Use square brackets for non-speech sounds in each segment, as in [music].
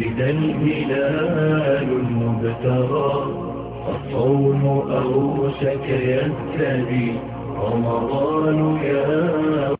ولد الهلال المبتغى الصوم أوشك يبتدي رمضان يا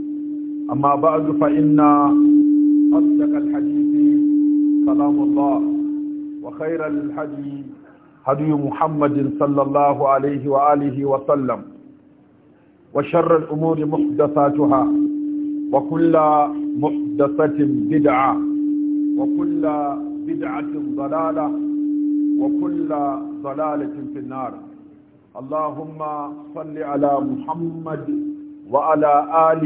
أما بعد فإن أصدق الحديث كلام الله وخير الحدي هدي محمد صلى الله عليه وآله وسلم وشر الأمور محدثاتها وكل محدثة بدعة وكل بدعة ضلالة وكل ضلالة في النار اللهم صل على محمد وعلى آل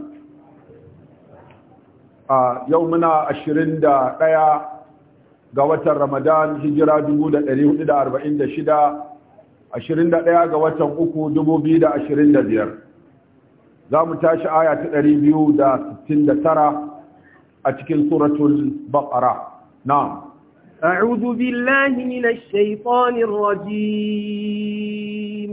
a yau muna 21 ga watan ramadan hijira 1446 21 ga watan 3 2025 za mu tashi aya ta 269 a cikin suratul baqara na'am أعوذ بالله من الشيطان الرجيم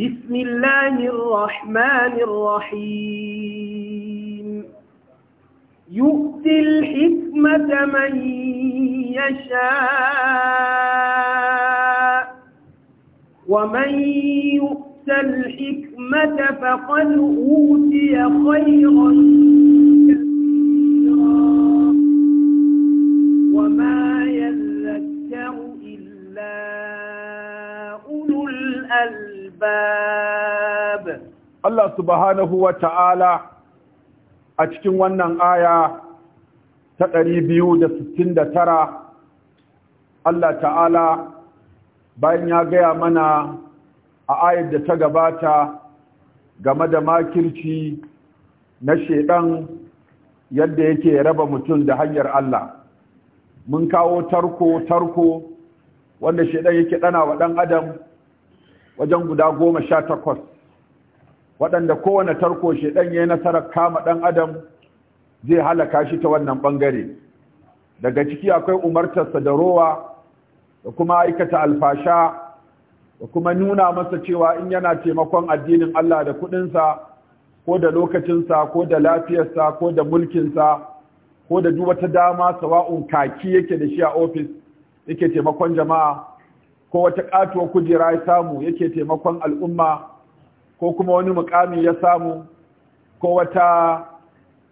بسم الله الرحمن الرحيم يؤتي الحكمة من يشاء ومن يؤت الحكمة فقد أوتي خيرا كثيرا وما يذكر إلا أولو الألباب الله سبحانه وتعالى a cikin wannan aya ta ɗari biyu da da sittin tara, Allah ta'ala bayan ya gaya mana a ayar da ta gabata game da makirci na shaiɗan yadda yake raba mutum da hanyar Allah mun kawo tarko tarko wanda shaidan yake ɗana wa ɗan adam wajen guda goma sha takwas waɗanda kowane tarko ɗan ya yi nasarar kama ɗan adam zai halaka shi ta wannan ɓangare. daga ciki akwai umartarsa da rowa da kuma aikata alfasha da kuma nuna masa cewa in yana taimakon addinin Allah da kuɗinsa ko da lokacinsa ko da lafiyarsa ko da mulkinsa ko da duk wata dama sawa'un kaki yake da shi a ofis yake taimakon jama'a ko wata katuwar kujera ya samu yake taimakon al'umma ko kuma wani mukami ya samu ko wata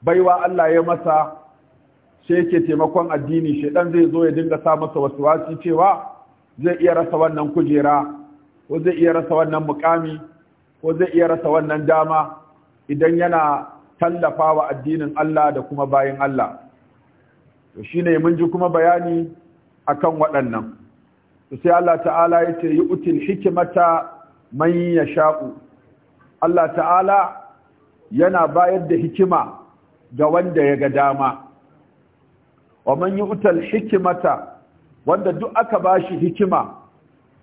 baiwa Allah ya masa sai yake taimakon addini shedan zai zo ya dinga sa masa wasuwasi cewa zai iya rasa wannan kujera ko zai iya rasa wannan mukami ko zai iya rasa wannan dama idan yana tallafa wa addinin Allah da kuma bayin Allah to shine mun ji kuma bayani akan waɗannan sai Allah ta'ala ya ce yace yu'til hikmata man yasha'u Allah ta'ala yana bayar da hikima ga wanda ya ga dama wa man yu'tal hikimata wanda duk aka bashi hikima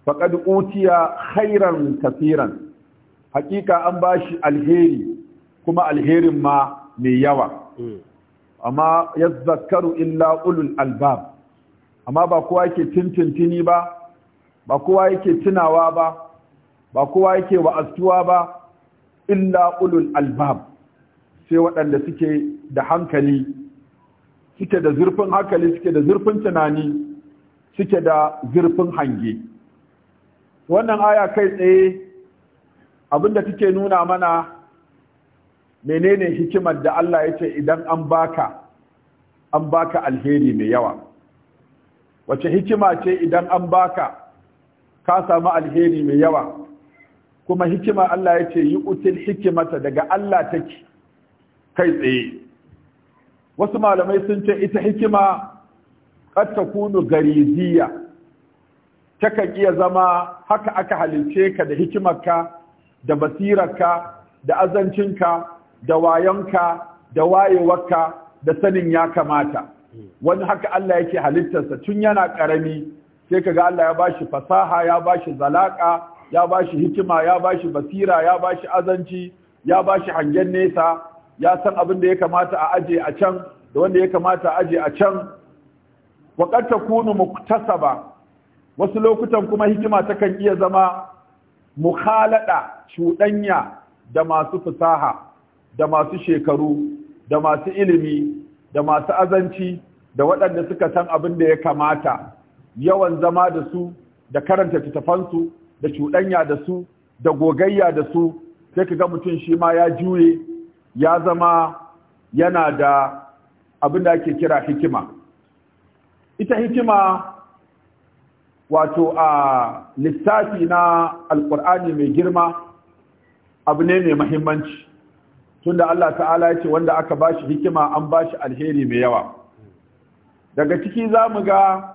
faqad utiya khairan kaseeran hakika an bashi alheri kuma alherin ma mai yawa amma yazakkaru illa ulul albab amma ba kowa yake tintintini ba ba kowa yake tunawa ba ba kowa yake wa'astuwa ba illa ulul albab sai waɗanda suke da hankali suke da zurfin hankali suke da zurfin tunani suke da zurfin hange wannan aya kai tsaye abinda take nuna mana menene hikimar da Allah ya ce idan an baka an baka alheri mai yawa wace hikima ce idan an baka ka samu alheri mai yawa kuma hikima Allah ya ce yi util hikimata daga Allah take kai tsaye wasu malamai sun ce ita hikima gari takunu gariziya takan iya zama haka aka halince ka da hikimarka da basirarka da azancinka da wayonka da wayewarka da sanin ya kamata wani haka Allah yake halittarsa tun yana ƙarami, sai ga Allah ya bashi fasaha ya bashi zalaka ya ba shi hikima ya ba shi basira ya ba shi azanci ya ba shi hangen nesa ya san abin da ya kamata a aje a can da wanda ya kamata a aje a can wa kunu mu muktasaba wasu lokutan kuma hikima takan iya zama mukhalada cuɗanya da masu fasaha da masu shekaru da masu ilimi da masu azanci da waɗanda suka san abin da ya kamata yawan zama da su da karanta littattafansu da cuɗanya da su da gogayya da su sai ka ga mutum shi ma ya juye ya zama yana da abin da ake kira hikima ita hikima wato a lissafi na alkur'ani mai girma abu ne mai mahimmanci tunda Allah ta'ala ya ce wanda aka ba shi hikima an ba shi alheri mai yawa daga ciki za mu ga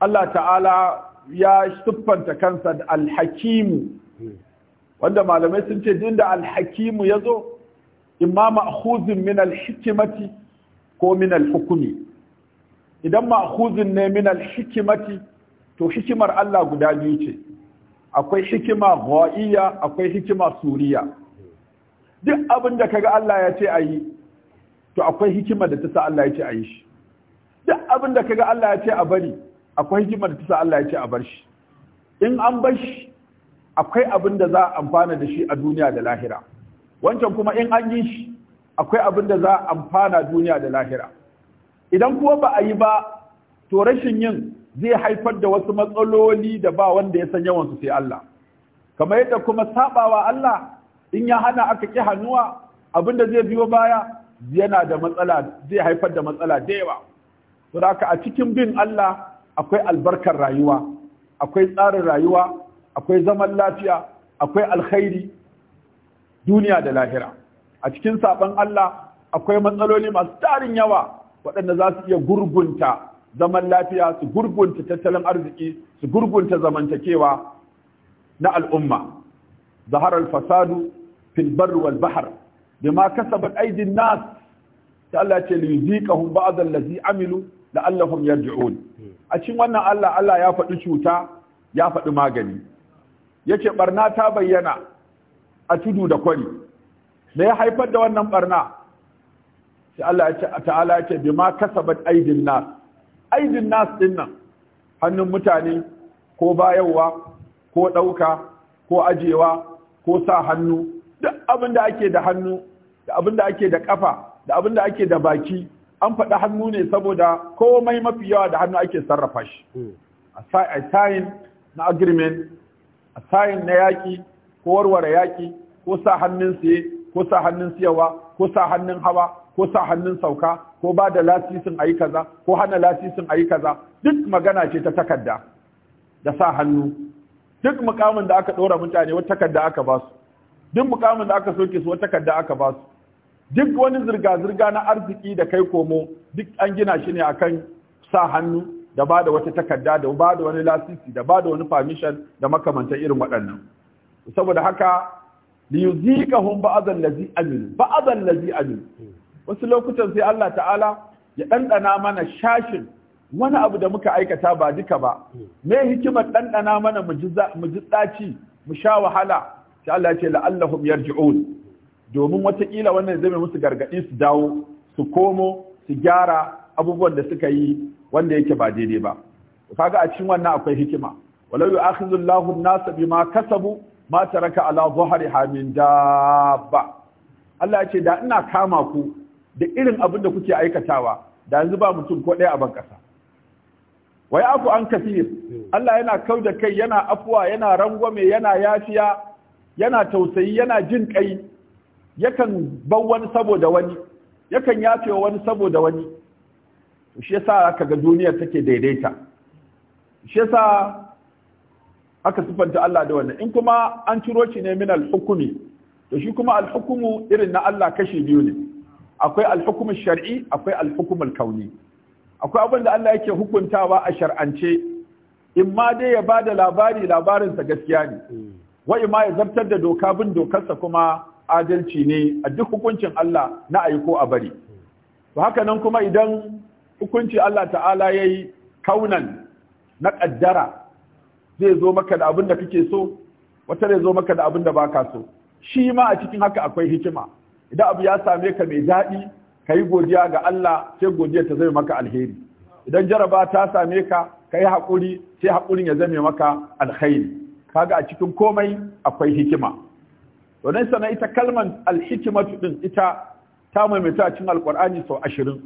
Allah ta'ala ya siffanta kansa da alhakimu wanda malamai sun ce din da alhakimu ya zo imma ma'khuzin min alhikimati ko min alhukumi idan ma'khuzin ne min alhikimati to hikimar Allah guda biyu ce akwai hikima ghaiya akwai hikima suriya duk abin da kaga Allah ya ce a yi, to akwai hikima da ta sa Allah ya ce a yi shi duk abin da kaga Allah ya ce a bari akwai hikimar da tasa Allah ya ce a bar shi in an bar shi akwai abin da za a amfana da shi a duniya da lahira wancan kuma in an yi shi akwai abin da za a amfana duniya da lahira idan kuma ba a yi ba to rashin yin zai haifar da wasu matsaloli da ba wanda ya san yawan su sai Allah kamar yadda kuma sabawa Allah in ya hana aka ki hannuwa abin da zai biyo baya yana da matsala zai haifar da matsala da yawa to a cikin bin Allah akwai albarkar rayuwa akwai tsarin rayuwa akwai zaman lafiya akwai alkhairi duniya da lahira a cikin saɓon Allah akwai matsaloli masu tarin yawa waɗanda za su iya gurgunta zaman lafiya su gurgunta tattalin arziki su gurgunta zamantakewa na al'umma zaharar fasadu fil barri wal bahar bima kasabat aidin nas ta Allah ce li yuziqahum ba'd allazi amilu la'allahum yarji'un a cikin wannan Allah Allah ya faɗi cuta ya faɗi magani yace barna ta bayyana a tudu da kwari da ya haifar da wannan barna sai Allah ya ce ta'ala ya ce bima kasabat aidin nas aidin nas din hannun mutane ko bayawa ko ɗauka ko ajewa ko sa hannu duk abin da ake da hannu da abin da ake da kafa da abin da ake da baki an faɗi hannu ne saboda komai mafi yawa da hannu ake sarrafa shi hmm. a sayin na agreement a sayin na yaƙi ko warware yaƙi ko sa hannun siye ko sa hannun siyawa ko sa hannun hawa ko sa hannun sauka ko ba da lasisin a yi kaza ko hana lasisin a yi kaza duk magana ce ta takarda da sa hannu duk mukamin da aka ɗora mutane wata takarda aka ba su duk mukamin da aka soke su wata takarda aka ba su duk wani zirga-zirga na arziki da kai komo duk an gina shi ne akan sa hannu da ba da wata takarda da ba da wani lasisi da ba da wani permission da makamanta irin waɗannan saboda haka li yuzikahum ba'dhal ladzi amil ba'dhal ladzi amil wasu lokutan sai Allah ta'ala ya ɗanɗana mana shashin wani abu da muka aikata ba duka ba me hikimar ɗanɗana mana mu ji ɗaci mu sha wahala sai Allah ya ce la'allahum yarji'un domin watakila wannan zai mai musu gargaɗi su dawo su komo su gyara abubuwan da suka yi wanda yake ba daidai ba kaga a cikin wannan akwai hikima walau yu'akhidhu Allahu an-nasa bima kasabu ma taraka ala dhahriha min dabba Allah ya da ina kama ku da irin abin da kuke aikatawa da yanzu ba mutum ko ɗaya a ban ƙasa wai afu an kafir Allah yana kau da kai yana afuwa yana rangwame yana yafiya yana tausayi yana jin kai yakan bar wani saboda wani yakan yafe wani saboda wani shi yasa aka ga duniyar take daidaita shi yasa aka sifanta Allah da wannan in kuma an ciro shi ne min al-hukumi to shi kuma al-hukumu irin na Allah kashi biyu ne akwai al-hukumu shar'i akwai al-hukumu al-kauni akwai abin da Allah yake hukuntawa a shar'ance in ma dai ya bada labari labarinsa gaskiya ne hmm. wa ma ya zartar da doka bin dokarsa kuma adalci ne a duk hukuncin Allah na ayi ko a bari to haka nan kuma idan hukunci Allah ta'ala yi kaunan na ƙaddara zai zo maka da abin da kake so wata zai zo maka da abin da baka so shi ma a cikin haka akwai hikima idan abu ya same ka mai daɗi ka yi godiya ga Allah sai godiya ta zai maka alheri idan jaraba ta same ka ka yi haƙuri sai haƙurin ya zame maka alheri. kaga a cikin komai akwai hikima dan sana ita kalman alhikimatu din ita ta maimaita a cikin alkur'ani sau ashirin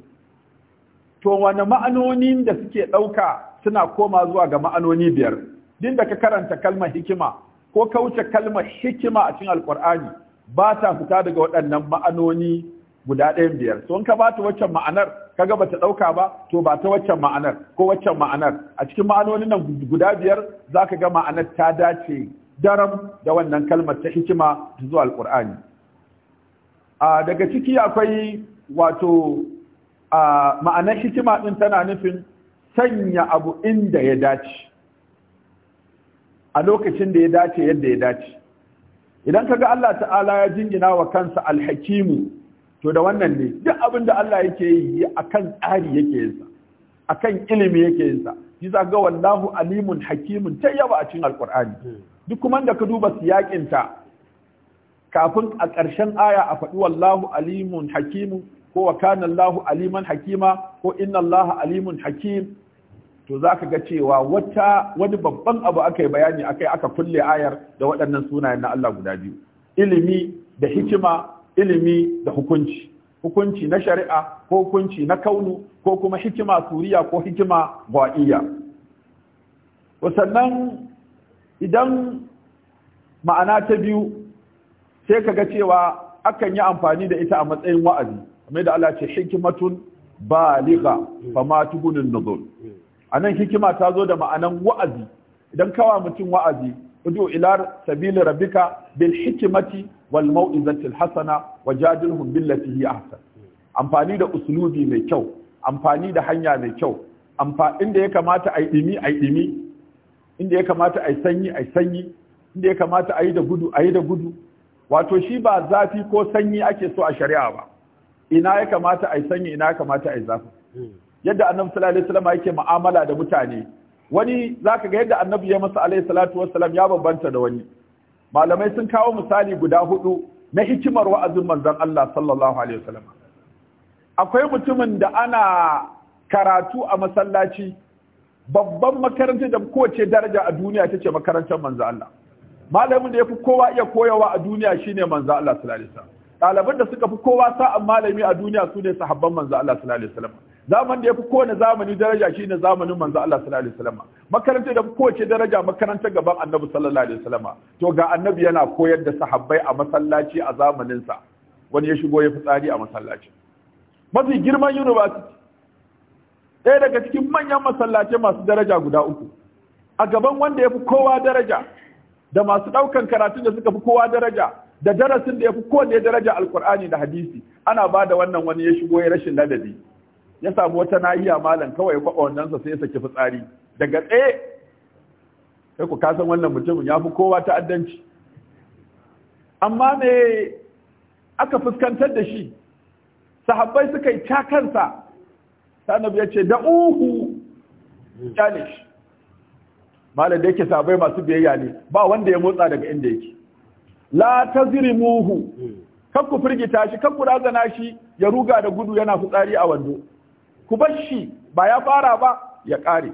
to wani ma'anonin da suke ɗauka suna koma zuwa ga ma'anoni biyar din da ka karanta kalmar hikima ko ka wuce kalmar hikima a cikin alkur'ani ba ta fita daga waɗannan ma'anoni guda ɗayan biyar To in ka ba ta waccan ma'anar kaga ba ta ɗauka ba to ba ta waccan ma'anar ko waccan ma'anar a cikin ma'anonin nan guda biyar zaka ga ma'anar ta dace daram da wannan kalmar ta hikima zuwa Alƙur'ani. daga ciki akwai wato ma'anar hikima ɗin tana nufin sanya abu inda ya dace a lokacin da ya dace yadda ya dace idan ka ga Allah ta'ala ya jingina wa kansa alhakimu to da wannan ne duk abin da Allah yake yi akan tsari yake yin sa kan ilimi yake yin sa shi za ga wallahu alimun hakimun ta tayyaba a cikin alqur'ani hmm. duk kuma da ka duba ta kafin a ƙarshen aya a faɗi wallahu alimun hakimu ko wa kana Allahu aliman hakima ko inna Allah alimun hakim to zaka ga cewa wata wani babban abu aka yi bayani akai aka kulle ayar da waɗannan sunayen na Allah guda biyu ilimi da hikima ilimi da hukunci hukunci na shari'a ko hukunci na kaunu ko kuma hikima suriya ko hikima gwa'iyya wasannan idan ma'ana ta biyu sai kaga cewa akan yi amfani da ita a matsayin wa'azi kamar da Allah ce hikimatun fa fama tubunun nuzul anan hikima ta zo da ma'anan wa'azi idan kawa mutum wa'azi udu ila sabil rabbika bil hikimati wal mau'izati al hasana wajadilhum billati hi ahsan amfani da uslubi mai kyau amfani da hanya mai kyau amfa inda ya kamata a yi dimi a yi dimi inda ya kamata a yi sanyi a yi sanyi inda ya kamata a yi da gudu a yi da gudu wato shi ba zafi ko sanyi ake so a shari'a ba ina ya kamata a yi sanyi ina ya kamata a yi zafi yadda annabi sallallahu alaihi wasallam yake mu'amala da mutane wani zaka ga yadda annabi ya masa alaihi salatu wassalam ya bambanta da wani malamai sun kawo misali guda hudu na hikimar wa'azin manzon Allah sallallahu alaihi wasallam akwai mutumin da ana karatu a masallaci babban makarantar da kowace daraja a duniya ta ce makarantar manzo Allah malamin da ya fi kowa iya koyawa a duniya shine manzo Allah sallallahu alaihi wasallam ɗaliban da suka fi kowa sa'an malami a duniya su ne sahabban manzo Allah sallallahu alaihi wasallam zaman da ya fi kowane zamani daraja shine zamanin manzo Allah sallallahu alaihi wasallam makarantar da kowace daraja makarantar gaban annabi sallallahu alaihi wasallam to ga annabi yana koyar da sahabbai a masallaci a zamanin sa wani ya shigo ya fitsari a masallaci mafi girman university ɗaya daga cikin manyan masallace masu daraja guda uku a gaban wanda ya fi kowa daraja da masu ɗaukan karatu da suka fi kowa daraja da darasin da ya fi kowanne daraja alkur'ani da hadisi ana ba da wannan wani ya shigo ya rashin ladabi ya samu wata nahiya malam kawai kwaɓa sa sai ya saki fitsari daga tsaye sai ku kasan wannan mutumin ya fi kowa ta'addanci amma me aka fuskantar da shi sahabbai suka yi takansa sanabu ya ce da uhu kyalish malar da yake sabai masu biyayya ne ba wanda ya motsa daga inda yake la ta kan ku firgita shi kan razana shi ya ruga da gudu yana fitsari a wando ku bar shi ba ya fara ba ya kare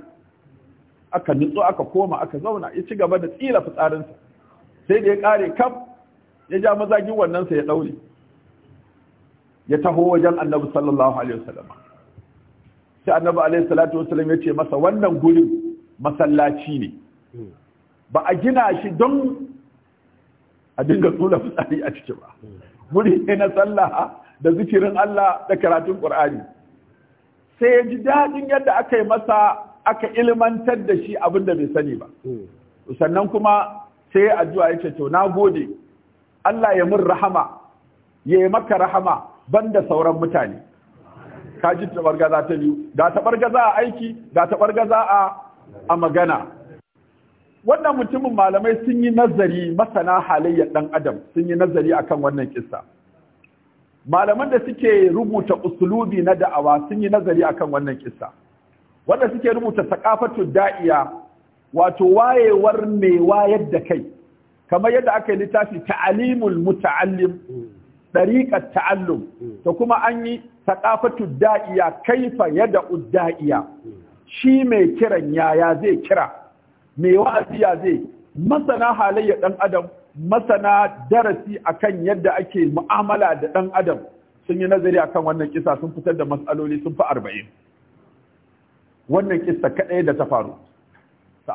aka nitso aka koma aka zauna ya ci gaba da tsila fitsarinsa sai da ya kare kaf ya ja mazagin wannan sa ya daure ya taho wajen annabi sallallahu alaihi wasallam sai annabi alaihi salatu wasallam ya ce masa wannan gurin masallaci ne ba a gina shi don a dinga tsula fitsari a ciki ba guri ne na sallah da zikirin Allah da karatun Qur'ani sai ya ji dadin yadda aka yi masa aka ilmantar da shi abin da bai sani ba sannan kuma sai ya addu'a ya ce to na gode Allah ya mun rahama ya yi maka rahama banda sauran mutane ka ji bargaza ta biyu Da ta bargaza a aiki da ta bargaza a a magana wannan mutumin malamai sun yi nazari masana halayyar dan adam sun yi nazari akan wannan kissa malaman da suke rubuta usulubi na da'awa sun yi nazari akan wannan kissa wanda suke rubuta sakafatu da'iya wato wayewar mai wayar da kai kamar yadda aka yi littafi ta'alimul muta'allim dariqat ta'allum to kuma an yi saqafatu da'iya kaifa yad'u da'iya shi mai kiran yaya zai kira mai wa'azi ya zai masana halayya dan adam masana darasi akan yadda ake mu'amala da dan adam sun yi nazari akan wannan kisa sun fitar da matsaloli sun fi arba'in wannan kisa kaɗai da ta faru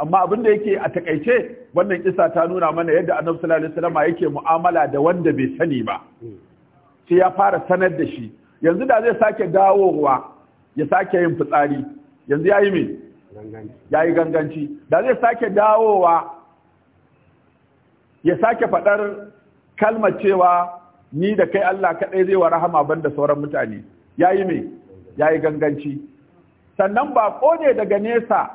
amma abin da yake a takaice wannan kisa ta nuna mana yadda annabi sallallahu alaihi wasallam yake mu'amala da wanda bai sani ba sai ya fara sanar da shi yanzu da zai sake dawowa ya sake yin fitsari yanzu ya yi mai ya yi ganganci da zai sake dawowa ya sake faɗar kalmar cewa ni da kai Allah kaɗai zai wa rahama ban da sauran mutane ya yi mai ya yi ganganci sannan ba ne daga nesa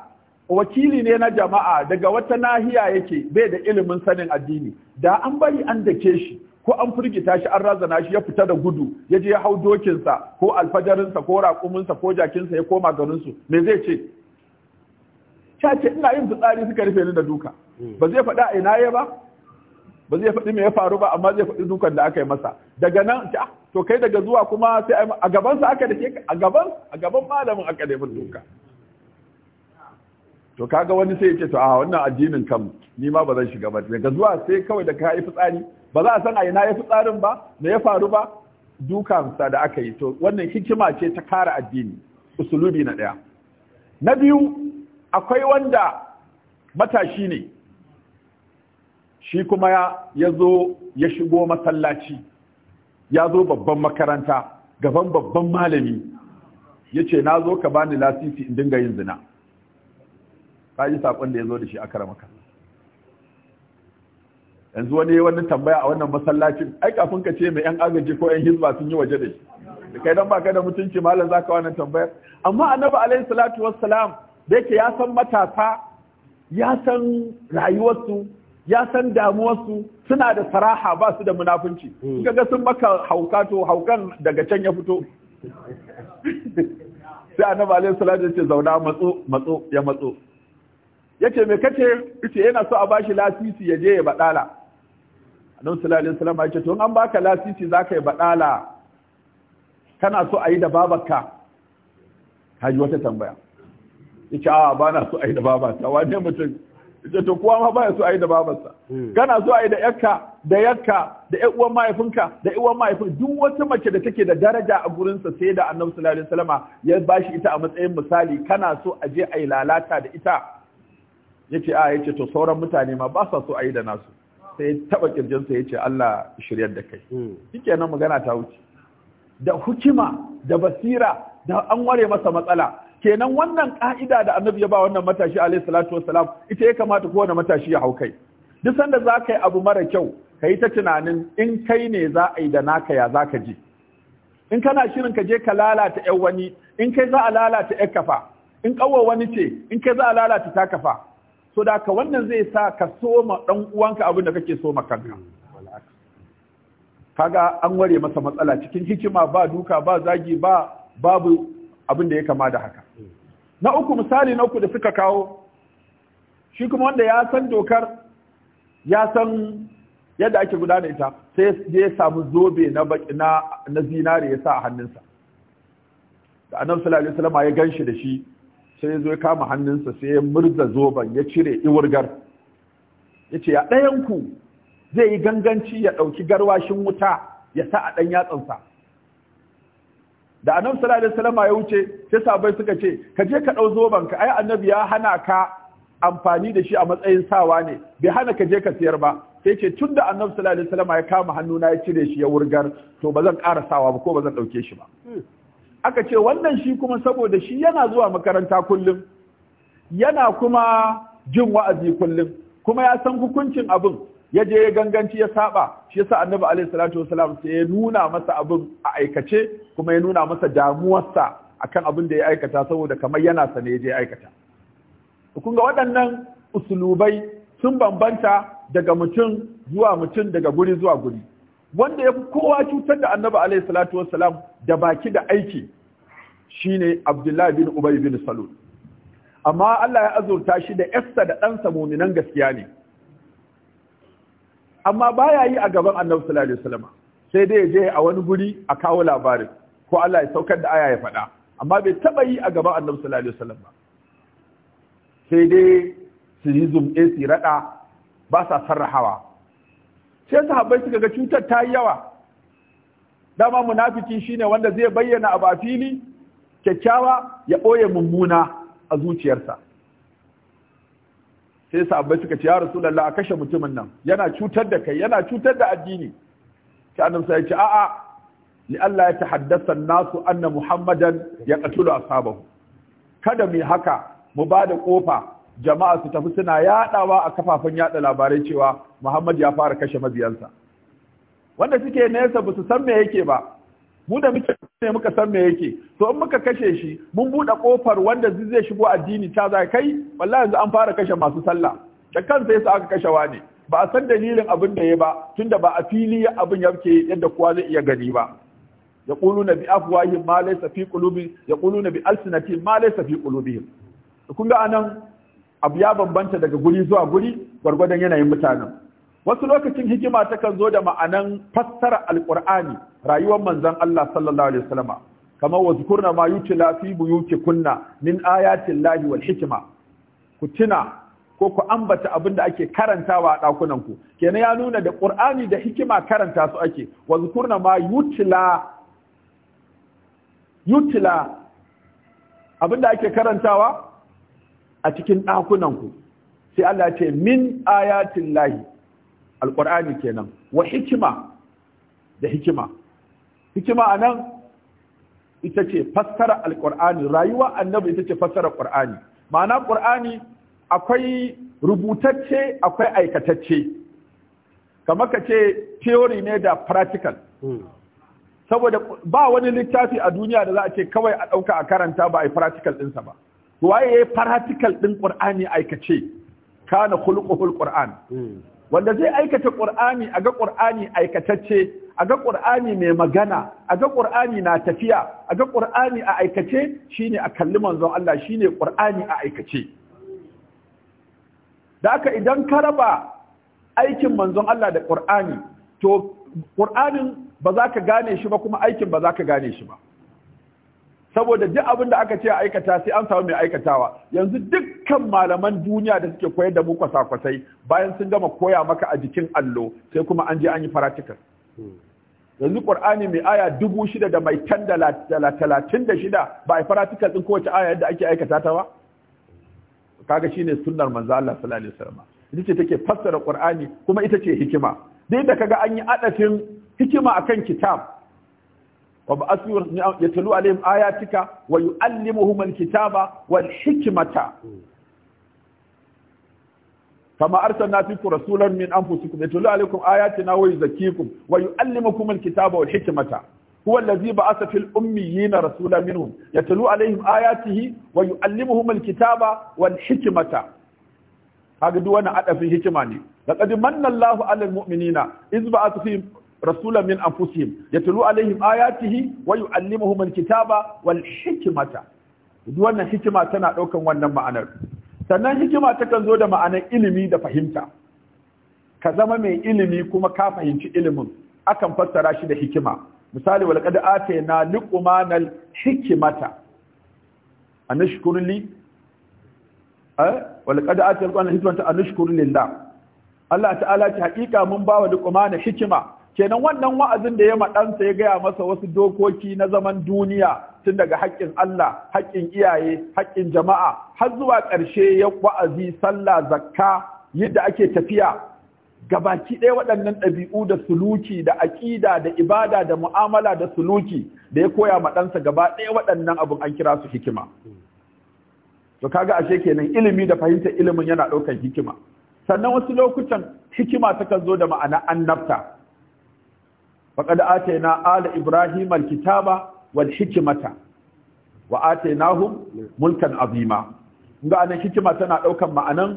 wakili ne na jama'a daga wata nahiya yake bai da ilimin sanin addini da an bari an dake shi ko an firgita shi an razana shi ya fita da gudu ya je ya hau dokinsa ko alfajarinsa ko raƙuminsa ko jakinsa ya koma garinsu me zai ce ya ce ina yin fitsari suka rufe ni da duka ba zai faɗa a ina ya ba ba zai faɗi me ya faru ba amma zai faɗi dukan da aka yi masa daga nan ta ah, to kai daga zuwa kuma sai a gaban sa aka dake a gaban a gaban malamin aka dake duka to kaga wani sai ya ce to a wannan addinin kam ni ma ba zan shiga ba daga zuwa sai kawai da ka yi fitsari ba za a san a ina ya fi tsarin ba me ya faru ba dukansa da aka yi to wannan hikima ce ta kare addini usulubi na ɗaya na biyu akwai wanda matashi ne shi kuma ya zo ya shigo masallaci ya zo babban makaranta gaban babban malami ya ce na zo ka bani lasisi in dinga yin zina ka yi saƙon da ya zo da shi a karamaka yanzu wani wani tambaya a wannan masallacin ai kafin ka ce mai yan agaji ko yan hizba sun yi waje da shi da kai dan baka da mutunci malam zaka wannan tambaya. amma annabi alaihi salatu wassalam da yake ya san matasa ya san rayuwarsu ya san damuwarsu suna da saraha ba su da munafunci kuka hmm. ga sun maka hauka to haukan daga can ya fito [laughs] sai annabi alaihi salatu ya ce zauna matso matso ya matso yace me kace yace yana so a bashi lasisi ya je ya badala annabi sallallahu alaihi wasallam ya ce to an baka lasisi zaka yi baɗala kana so ayi da babarka haji wata tambaya yace a ba na so ayi da babarta wani mutum yace to kuwa ma ba so ayi da babarsa hmm. kana so ayi da yakka da yakka da ƴan uwan mahaifinka da uwan mahaifin duk wata mace da take da daraja a gurinsa sai da annabi sallallahu alaihi wasallama ya bashi ita a matsayin misali kana so a je a yi lalata da ita yace a yace to sauran mutane ma ba sa so ayi da nasu sai taba kirjinsa ya ce Allah shiryar da kai hmm. shike nan magana ta wuce da hukima da basira da an ware masa matsala kenan wannan ka'ida da annabi ya ba wannan matashi alaihi salatu wassalam ita ya kamata kowane matashi ya hau kai duk sanda za ka yi abu mara kyau ka yi ta tunanin in kai ne za a yi da naka ya za ka ji in kana shirin ka je ka lalata yan wani in kai za a lalata yan kafa in ƙawar wani ce in kai za a lalata ta kafa so da ka wannan zai sa ka soma dan uwanka abin da kake soma kanka kaga an ware masa matsala cikin hikima ba duka ba zagi ba babu abin da ya kama da haka na uku misali na uku da suka kawo shi kuma wanda ya san dokar ya san yadda ake gudana ita sai ya samu zobe na na na zinare ya sa a hannunsa da annabi sallallahu alaihi wasallam ya ganshi da shi sai zo ya kama hannunsa sai ya murza zoban ya cire iwurgar ya ce ya ɗayanku zai yi ganganci ya ɗauki garwashin wuta ya sa a ɗan yatsansa da annabi sallallahu alaihi ya wuce sai sabai suka ce ka je ka ɗau zoban ka ai annabi ya hana ka amfani da shi a matsayin sawa ne bai hana ka je ka siyar ba sai ce tun da annabi sallallahu alaihi ya kama hannuna ya cire shi ya wurgar to ba zan ƙara sawa ba ko ba zan ɗauke shi ba aka ce wannan shi kuma saboda shi yana zuwa makaranta kullum yana kuma jin wa'azi kullum kuma ya san hukuncin abin ya je ya ganganci ya saba shi yasa annabi alaihi salatu wasalam sai ya nuna masa abin a aikace kuma ya nuna masa damuwarsa akan abin da ya aikata saboda kamar yana sane ya je aikata kun ga waɗannan usulubai sun bambanta daga mutum zuwa mutum daga guri zuwa guri wanda ya fi kowa cutar da annabi alaihi salatu wassalam da baki da aiki shine abdullahi bin ubay bin salul amma Allah ya azurta shi da Esther da ɗansa muminan gaskiya ne amma baya yi a gaban annabi sallallahu alaihi wasallam sai dai ya je a wani guri a kawo labarin ko Allah ya saukar da aya ya faɗa amma bai taba yi a gaban annabi sallallahu alaihi wasallam ba sai dai su yi zumɗe su raɗa ba sa sarrahawa sai sahabbai suka ga cutar ta yi yawa dama munafiki shine wanda zai bayyana abu a fili kyakkyawa ya ɓoye mummuna a zuciyarsa sai sahabbai suka ce ya rasulullah a kashe mutumin nan yana cutar da kai yana cutar da addini sai annabi sai ce a'a li Allah ya tahaddasa nasu anna muhammadan ya qatulu ashabahu kada mu haka mu ba da kofa jama'a su tafi suna yadawa a kafafen yada labarai cewa Muhammad ya fara kashe mabiyansa wanda suke nesa ba su san me yake ba mu da muke ne muka san me yake to in muka kashe shi mun buɗe kofar wanda zai shigo addini ta za kai wallahi yanzu an fara kashe masu sallah da kansa yasa aka kashe ne. ba a san dalilin abin da ya ba tunda ba a fili abin yake yadda kowa zai iya gani ba na bi afuwahin ma laisa fi ƙulu na bi ma laisa fi kun ga anan abu ya bambanta daga guri zuwa guri gwargwadon yanayin mutanen wasu lokacin hikima takan zo da ma'anan fassara alqur'ani rayuwar manzon Allah sallallahu alaihi wasallama kamar wazkurna ma yutla fi kunna, min ayati llahi wal hikma ku tuna ko ku ambata abin da ake karantawa a dakunan ku kenan ya nuna da qur'ani da hikima karanta su ake wazkurna ma yutla yutla abin da ake karantawa a cikin dakunan ku sai Allah ya ce min ayatin lahi alqur'ani kenan wa hikima da hikima hikima anan ita ce fassara alqur'ani rayuwa annabi ita ce fassara qur'ani ma'ana qur'ani akwai rubutacce akwai aikatacce kamar ka ce theory ne da practical hmm. saboda ba wani littafi a duniya da za a ce kawai a ɗauka a karanta ba a yi practical ɗinsa ba waye ya yi practical ɗin ƙur'ani aikace kana khuluquhul qur'an hmm. wanda zai aikata ƙur'ani a ga ƙur'ani aikatacce a ga ƙur'ani mai magana a ga ƙur'ani na tafiya a ga ƙur'ani a aikace shine a kalli manzon Allah shine ƙur'ani a aikace da haka idan ka raba aikin manzon Allah da ƙur'ani to ƙur'anin ba za ka gane shi ba kuma aikin ba za ka gane shi ba saboda duk abin da aka ce a aikata sai an samu mai aikatawa yanzu dukkan malaman duniya da suke koyar da mu kwasa-kwasai bayan sun gama koya maka a jikin allo sai kuma an je an yi faratika yanzu qur'ani mai aya dubu shida da mai tan talatin da shida ba a yi faratika din kowace aya yadda ake aikata ta ba kaga shine sunnar manzo Allah sallallahu alaihi wasallam ita ce take fassara qur'ani kuma ita ce hikima dai da kaga an yi adafin hikima akan kitab وبعث يتلو عليهم آياتك ويعلمهم الكتاب والحكمة كما أرسلنا فيكم رسولا من أنفسكم يتلو عليكم آياتنا ويزكيكم ويعلمكم الكتاب والحكمة هو الذي بعث في الأميين رسولا منهم يتلو عليهم آياته ويعلمهم الكتاب والحكمة هذا دوانا أدى في حكمة لقد من الله على المؤمنين إذ بعث فيهم rasulan min ya yatlu alaihim ayatihi wa yuallimuhum alkitaba wal hikmata duk wannan hikima tana ɗaukar wannan ma'anar sannan hikima takan zo da ma'anar ilimi da fahimta ka zama mai ilimi kuma ka fahimci ilimin akan fassara shi da hikima misali wal qad atayna luqman al hikmata anashkuru li eh? wal qad atayna luqman al hikmata Allah ta'ala ta haƙiƙa mun bawa luqman hikima kenan wannan wa'azin da ya maɗansa ya gaya masa wasu dokoki na zaman duniya tun daga haƙƙin Allah, haƙƙin iyaye, haƙƙin jama'a, har zuwa ƙarshe ya wa'azi, sallah, zakka, yadda ake tafiya. Gabaki ɗaya waɗannan ɗabi'u da suluki da aƙida da ibada da mu'amala da suluki da ya koya ma ɗansa gaba ɗaya waɗannan abin an kira su hikima. To kaga ashe kenan ilimi da fahimtar ilimin yana ɗaukar hikima. Sannan wasu lokutan hikima takan zo da ma'ana annabta. faqad atayna ala ibrahim alkitaba wal hikmata wa atainahum mulkan azima ga anan hikima tana daukan ma'anan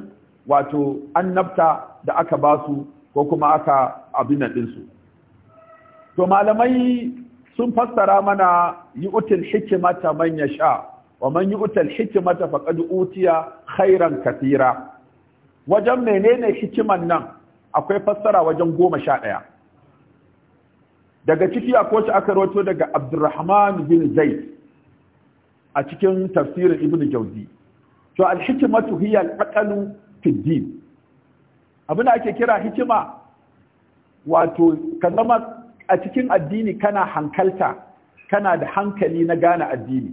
wato annabta da aka basu ko kuma aka abin din su to malamai sun fassara mana yu'til hikmata man yasha wa man yu'til hikmata faqad utiya khairan katira wajen menene hikiman nan akwai fassara wajen goma sha ɗaya daga ciki akwai aka rawato daga Abdurrahman bin Zaid a cikin tafsirin Ibn Jawzi to al-hikmatu hiya al-aqalu fi din abin ake kira hikima wato ka zama a cikin addini kana hankalta kana da hankali na gane addini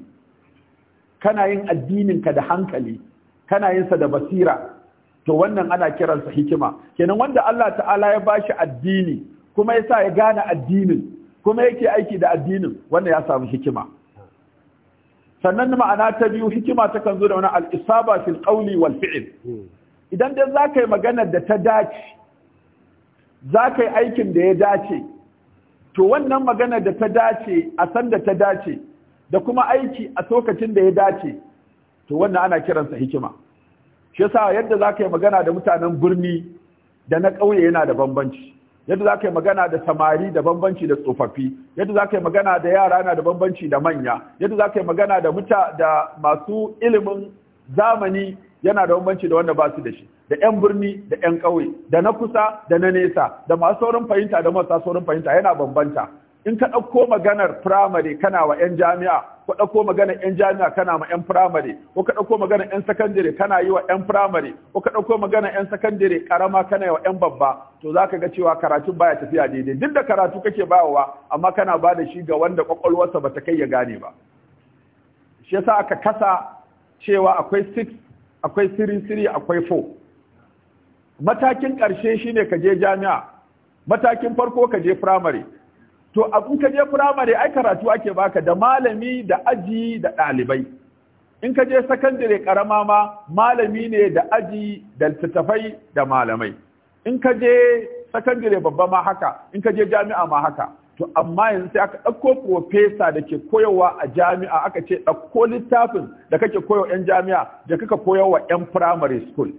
kana yin addininka da hankali kana yin sa da basira to wannan ana kiransa hikima kenan wanda Allah ta'ala ya bashi addini kuma yasa ya gane addinin kuma yake aiki da addinin wannan ya samu hikima sannan ma'ana ta biyu hikima ta kan zo da wani al-isaba fil qawli wal fi'l idan dan ka yi magana da ta dace ka yi aikin da ya dace to wannan magana da ta dace a san da ta dace da kuma aiki a lokacin da ya dace to wannan ana kiransa hikima shi yasa yadda zaka yi magana da mutanen birni da na ƙauye yana da bambanci yadda za ka yi magana da samari da bambanci da tsofaffi yadda za ka yi magana da yara na da bambanci da manya yadda za ka yi magana da muta da masu ilimin zamani yana da bambanci da wanda ba su da shi da 'yan birni da 'yan ƙauye da na kusa da na nesa da masu saurin fahimta da marasa saurin fahimta yana bambanta in ka ɗauko maganar firamare kana wa 'yan jami'a ko ɗauko maganar 'yan jami'a kana ma 'yan firamare ko ka ɗauko maganar 'yan sakandare kana yi wa 'yan firamare ko ka ɗauko maganar 'yan sakandare ƙarama kana yi wa 'yan babba to za ka ga cewa karatun baya tafiya daidai duk da karatu kake bayarwa amma kana ba da shi ga wanda ƙwaƙwalwarsa ba ta kai ya gane ba shi yasa aka kasa cewa akwai six, akwai siri-siri akwai four. matakin ƙarshe shine ka je jami'a matakin farko ka je firamare to in ka je firamare ai karatu ake baka da malami da aji da ɗalibai in ka je sakandare karama ma malami ne da aji da littattafai da malamai in ka je sakandare babba ma haka in ka je jami'a ma haka to amma yanzu sai aka ɗauko profesa da ke koyarwa a jami'a aka ce ɗauko littafin da kake koyo 'yan jami'a da kaka koyarwa 'yan firamare school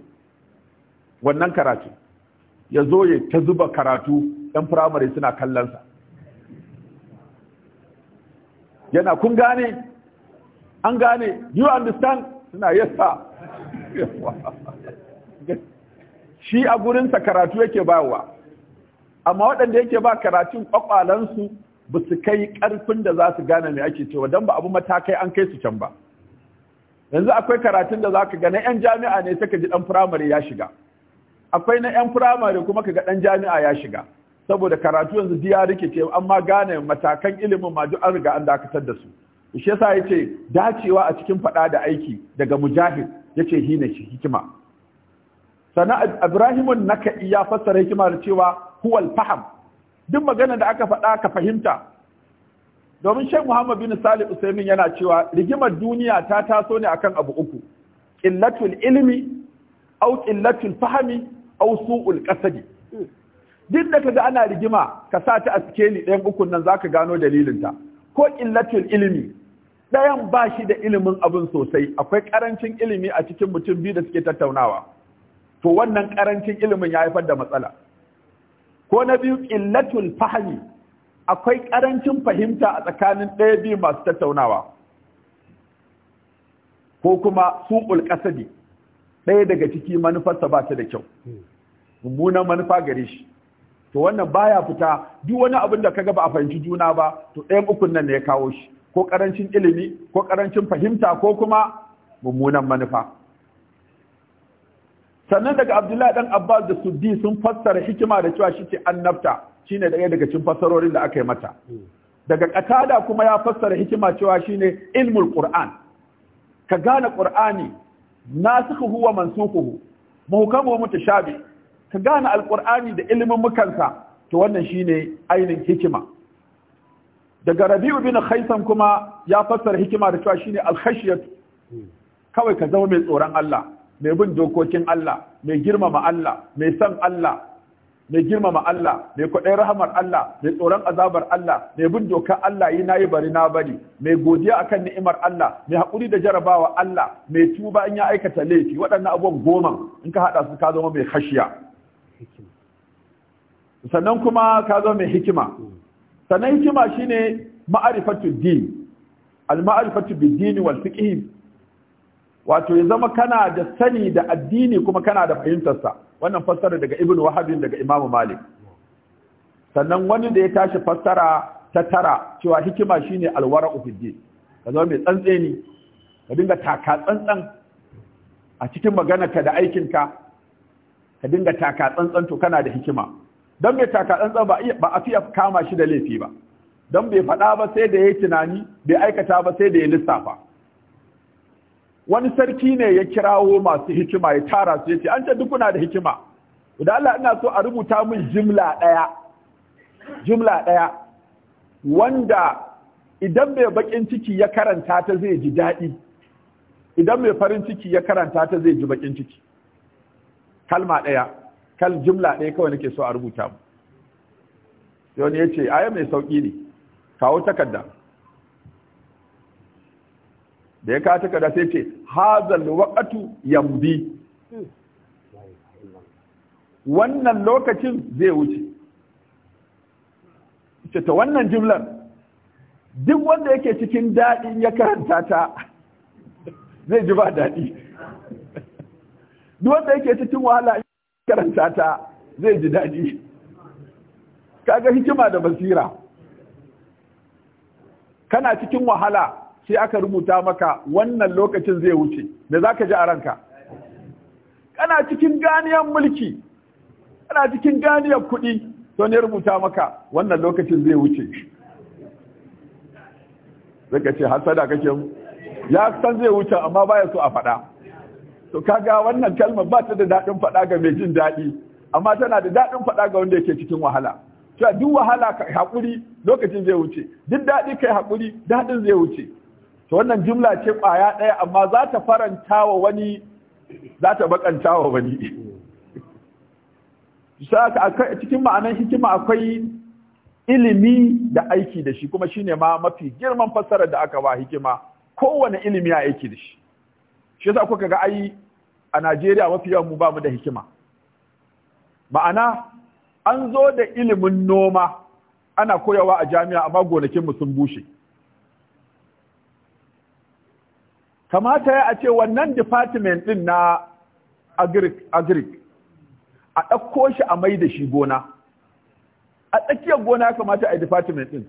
wannan karatu ya zo ya ta zuba karatu 'yan firamare suna kallonsa yana kun gane an gane you understand suna yes [laughs] shi a gurinsa karatu yake bawa amma waɗanda yake ba karatun kwakwalansu ba su kai ƙarfin da za su gane mai ake cewa don ba abu matakai an kai su can ba yanzu akwai karatun da za ka gane 'yan jami'a ne sai ka ji dan firamare ya shiga akwai na 'yan firamare kuma ka ga ɗan jami'a ya shiga saboda karatu yanzu diya rikice amma gane matakan ilimin ma an riga an dakatar da su shi yasa yace dacewa a cikin fada da aiki daga mujahid yace hina shi hikima sana na naka iya fassara hikima da cewa huwal faham duk magana da aka faɗa ka fahimta domin Sheikh Muhammad bin Salih Usaimin yana cewa rigimar duniya ta taso ne akan abu uku ƙillatul ilimi au qillatul fahmi au su'ul qasadi duk da kaga ana rigima ka sa ta a sikeli ɗayan ukun nan zaka gano dalilinta ko illatul ilimi ɗayan ba shi da ilimin abin sosai akwai ƙarancin ilimi a cikin mutum biyu da suke tattaunawa to wannan ƙarancin ilimin ya haifar da matsala ko na biyu illatul fahmi akwai ƙarancin fahimta a tsakanin ɗaya biyu masu tattaunawa ko kuma su'ul ƙasadi ɗaya daga ciki manufarsa ba ta da kyau hmm. mummunan manufa gare shi to wannan baya fita duk wani abin da kaga ba a fahimci juna ba to ɗayan ukun nan ne ya kawo shi ko karancin ilimi ko karancin fahimta ko kuma mummunan manufa sannan daga abdullahi dan abbas da suddi sun fassara hikima da cewa shi ce annabta shine ɗaya daga cikin fassarorin da aka yi mata daga katada kuma ya fassara hikima cewa shine ilmul qur'an ka gane qur'ani nasikhu wa mansukhu muhkamu mutashabi ka gane alkur'ani da ilimin mukansa to wannan shine ainin hikima daga rabi'u bin khaisan kuma ya fassara hikima da cewa shine alkhashiyat kawai ka zama mai tsoron Allah mai bin dokokin Allah mai girmama Allah mai san Allah mai girmama Allah mai kwaɗayin rahamar Allah mai tsoron azabar Allah mai bin dokar Allah yi nayi bari na bari mai godiya akan ni'imar Allah mai haƙuri da jarabawa Allah mai tuba in ya aikata laifi waɗannan abubuwan goma in ka haɗa su ka zama mai khashiya sannan kuma ka zo mai hikima sannan hikima shine ma'arifatu din al-ma'arifatu bid-din wal fiqh wato ya zama kana da sani da addini kuma kana da fahimtarsa. wannan fassara daga ibn wahab daga imamu malik sannan wani da ya tashi fassara ta tara cewa hikima shine al-wara'u fid-din ka zama mai tsantseni ka dinga taka tsantsan a cikin maganarka da aikinka ka dinga taka tsantsan to kana da hikima Don bai taka tsantsan ba ba a fiye kama shi da laifi ba Don bai faɗa ba sai da ya yi tunani bai aikata ba sai da ya lissafa wani sarki ne ya kirawo masu hikima ya tara su yace an ce duk kuna da hikima idan Allah ina so a rubuta min jimla ɗaya jimla ɗaya wanda idan mai bakin ciki ya karanta ta zai ji daɗi idan mai farin ciki ya karanta ta zai ji bakin ciki kalma ɗaya kal jumla ɗaya kawai nake so a rubuta mu sai wani ya ce aya mai sauƙi ne kawo takarda da ya kawo takarda sai ce hazal waƙatu yambi. wannan lokacin zai wuce ce ta wannan jumlar duk wanda yake cikin daɗi ya karanta ta zai ji ba daɗi duk wanda yake cikin wahala karanta ta zai ji daɗi kaga hikima da basira kana cikin wahala sai aka rubuta maka wannan lokacin zai wuce da za ka ji a ranka kana cikin ganiyar mulki kana cikin ganiyar kuɗi to ne rubuta maka wannan lokacin zai wuce zaka ce hasada kake ya san zai wuce amma baya so a faɗa to kaga wannan kalmar ba ta da daɗin faɗa ga mai jin daɗi amma tana da daɗin faɗa ga wanda yake cikin wahala to duk wahala ka haƙuri lokacin zai wuce duk daɗi kai haƙuri daɗin zai wuce to wannan jumla ce ƙwaya ɗaya amma za ta faranta wa wani za ta bakanta wa wani saka cikin ma'anar hikima akwai ilimi da aiki da shi kuma shine ma mafi girman fassarar da aka ba hikima kowane ilimi ya aiki da shi shi yasa kuka ga ai a Najeriya mafi yawan mu ba mu da hikima ma'ana an zo da ilimin noma ana koyawa a jami'a amma gonakin mu sun bushe kamata ya a ce wannan department din na agric agric a ɗauko shi a mai da shi gona a tsakiyar gona kamata a yi department din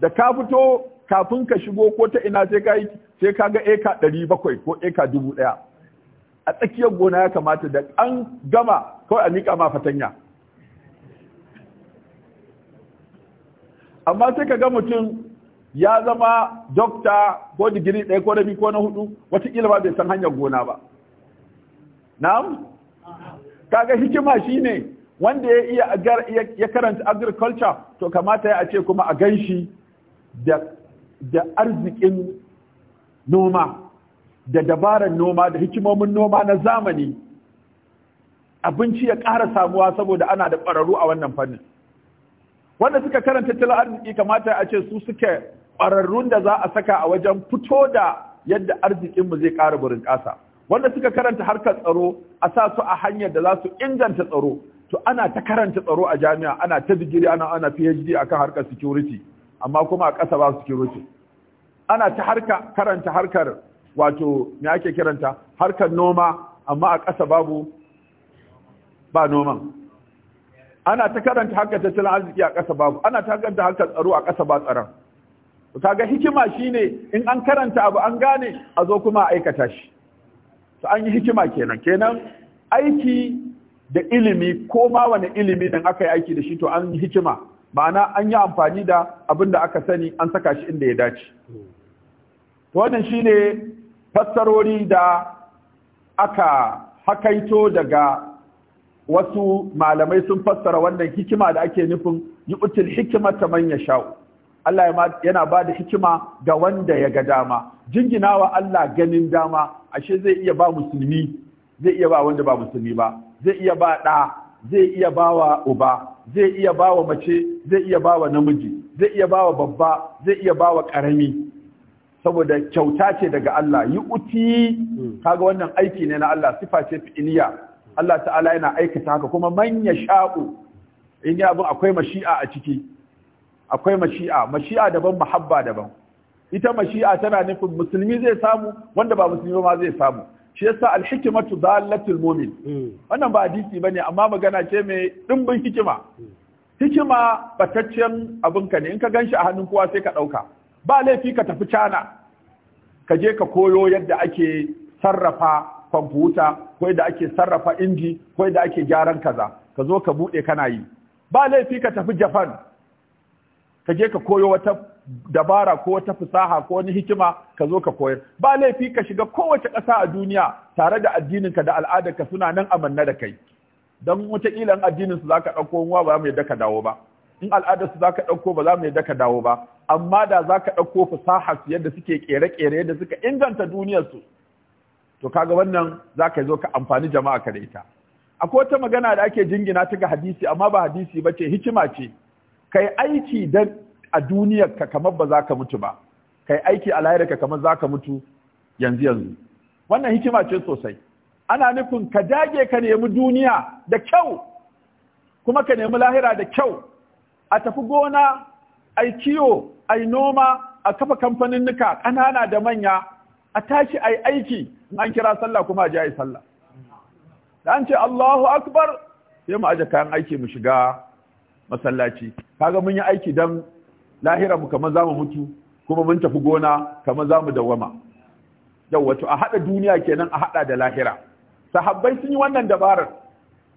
da ka fito kafin ka shigo ko ta ina sai ka yi sai kaga eka ɗari bakwai ko eka dubu ɗaya a tsakiyar gona ya kamata da an gama kawai a miƙa ma fatanya amma sai ka ga mutum ya zama dokta ko digiri ɗaya ko rabi ko na hudu watakila ba bai san hanyar gona ba na'am kaga hikima shine wanda ya iya ya karanta agriculture to kamata ya a ce kuma a ganshi da arzikin noma da dabarar noma da hikimomin noma na zamani abinci ya ƙara samuwa saboda ana da ƙwararru a wannan fannin wanda suka karanta tattalin arziki kamata a ce su suke ƙwararrun da za a saka a wajen fito da yadda arzikinmu zai ƙara burin ƙasa wanda suka karanta harkar tsaro a sa su a hanyar da za su inganta tsaro to ana ta karanta tsaro a jami'a ana ta digiri ana ana phd akan harkar security amma kuma a ƙasa ba security ana ta harka karanta harkar wato me ake kiranta harkar noma amma a ƙasa babu ba noman ana ta karanta harkar tattalin arziki a ƙasa babu ana ta karanta harkar tsaro a ƙasa ba tsaron kaga hikima shine in an karanta abu an gane a zo kuma aikata shi to an yi hikima kenan kenan aiki da ilimi ko ma wani ilimi dan aka yi aiki da shi to an yi hikima ma'ana an yi amfani da abin da aka sani an saka shi inda ya dace wannan shine fassarori da aka hakaito daga wasu malamai sun fassara wannan hikima da ake nufin yu'til ta man sha'u." Allah yana ba da hikima ga wanda ya ga dama jinginawa Allah ganin dama ashe zai iya ba musulmi zai iya ba wanda ba musulmi ba zai iya ba ɗa zai iya ba wa uba zai iya ba wa mace zai iya ba wa namiji zai iya ba wa babba zai iya ba wa ƙarami saboda kyauta ce daga Allah yi uti hmm. kaga wannan aiki ne na Allah sifa ce fi'iliya Allah ta'ala yana aikata haka kuma manya sha'u in ya abin akwai mashi'a a ciki akwai mashi'a mashi'a daban mahabba daban ita mashi'a tana nufin musulmi zai samu wanda ba musulmi ma zai samu shi yasa alhikimatu dalatul mu'min hmm. wannan ba hadisi bane amma magana ce mai dimbin hikima hmm. hikima bataccen abin ka ne in ka ganshi a hannun kowa sai ka dauka ba laifi ka tafi cana ka je ka koyo yadda ake sarrafa kwamfuta ko yadda ake sarrafa inji ko yadda ake gyaran kaza ka zo ka buɗe kana yi ba laifi ka tafi japan ka je ka koyo wata dabara ko wata fasaha ko wani hikima ka zo ka koyar ba laifi ka shiga kowace ƙasa a duniya tare da addininka da al'adarka suna nan amanna da kai don wataƙila addinin su za ka ɗauko ruwa ba mu yadda ka dawo ba in al'adar su zaka ɗauko ba za mu yadda ka dawo ba amma da zaka dauko fasaha yadda suke kere-kere yadda suka inganta duniyarsu su to kaga wannan zaka zo ka amfani jama'a ka da ita akwai wata magana da ake jingina ta ga hadisi amma ba hadisi ba ce hikima ce kai aiki dan a duniyar ka kamar ba za ka mutu ba kai aiki a ka kamar za ka mutu yanzu yanzu wannan hikima ce sosai ana nufin ka dage ka nemi duniya da kyau kuma ka nemi lahira da kyau a tafi gona a yi kiwo a yi noma a kafa kamfanin nuka ƙanana da manya a tashi a yi aiki an kira sallah kuma a ji a yi sallah da an ce Allahu akbar sai mu aje kayan aiki mu shiga masallaci kaga mun yi aiki don lahira mu kamar zamu mutu kuma mun tafi gona kamar zamu dawama wato a haɗa duniya kenan a haɗa da lahira sahabbai sun yi wannan dabarar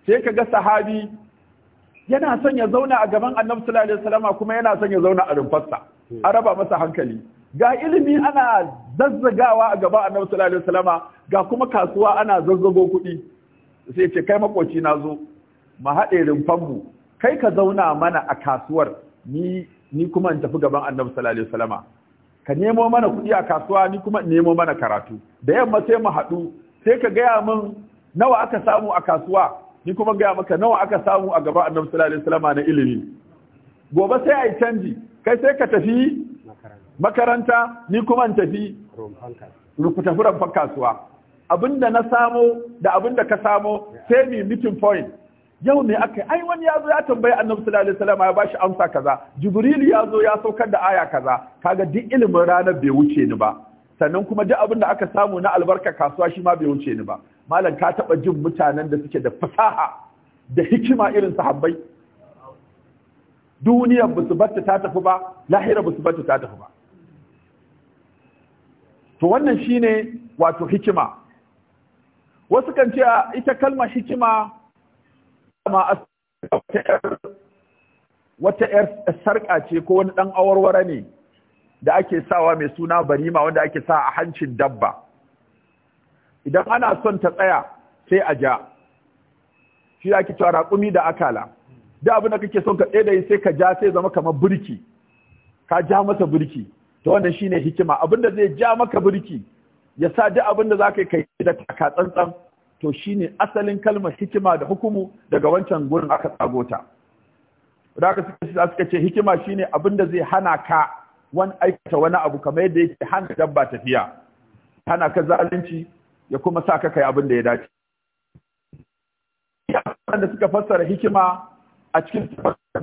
sai ka ga sahabi yana son ya zauna a gaban annabi sallallahu alaihi wasallama kuma yana son ya zauna a rumfarsa a raba masa hankali ga ilimi ana zazzagawa a gaban annabi sallallahu alaihi wasallama ga kuma kasuwa ana zazzago kuɗi sai ce kai makoci na zo mu haɗe rumfanmu kai ka zauna mana a kasuwar ni ni kuma in tafi gaban annabi sallallahu alaihi wasallama ka nemo mana kuɗi a kasuwa ni kuma in nemo mana karatu da yamma sai mu haɗu sai ka gaya min nawa aka samu a kasuwa ni kuma gaya maka nawa aka samu a gaba annabi sallallahu alaihi wasallam na ilimi gobe sai ai canji kai sai ka tafi makaranta ni kuma in tafi ku tafi rumfan kasuwa abinda na samo da abinda ka samo sai mi meeting point yau ne aka ai wani ya zo ya tambayi annabi sallallahu alaihi wasallam ya bashi amsa kaza jibril ya zo ya saukar da aya kaza kaga duk ilimin ranar bai wuce ni ba sannan kuma duk abinda aka samu na albarka kasuwa shi ma bai wuce ni ba malam ka taba jin mutanen da suke da fasaha da hikima irin sahabbai duniyar ba su batta ta tafi ba lahira ba batta ta tafi ba to wannan shine wato hikima wasu kan ce ita kalmar hikima ma wata yar sarƙa ce ko wani ɗan awarware ne da ake sawa mai suna barima wanda ake sa a hancin dabba idan ana son ta tsaya sai a ja shi ya ki tara raƙumi da akala da abin da kake son ka tsaye sai ka ja sai zama kamar birki ka ja masa birki to wannan shine hikima abin da zai ja maka birki ya sa duk abin da zaka kai da taka tsantsan to shine asalin kalmar hikima da hukumu daga wancan gurin aka tsago ta da aka suka suka ce hikima shine abin da zai hana ka wani aikata wani abu kamar yadda yake hana dabba tafiya hana ka zalunci ya kuma sa ka kai abin da ya dace wanda suka fassara hikima a cikin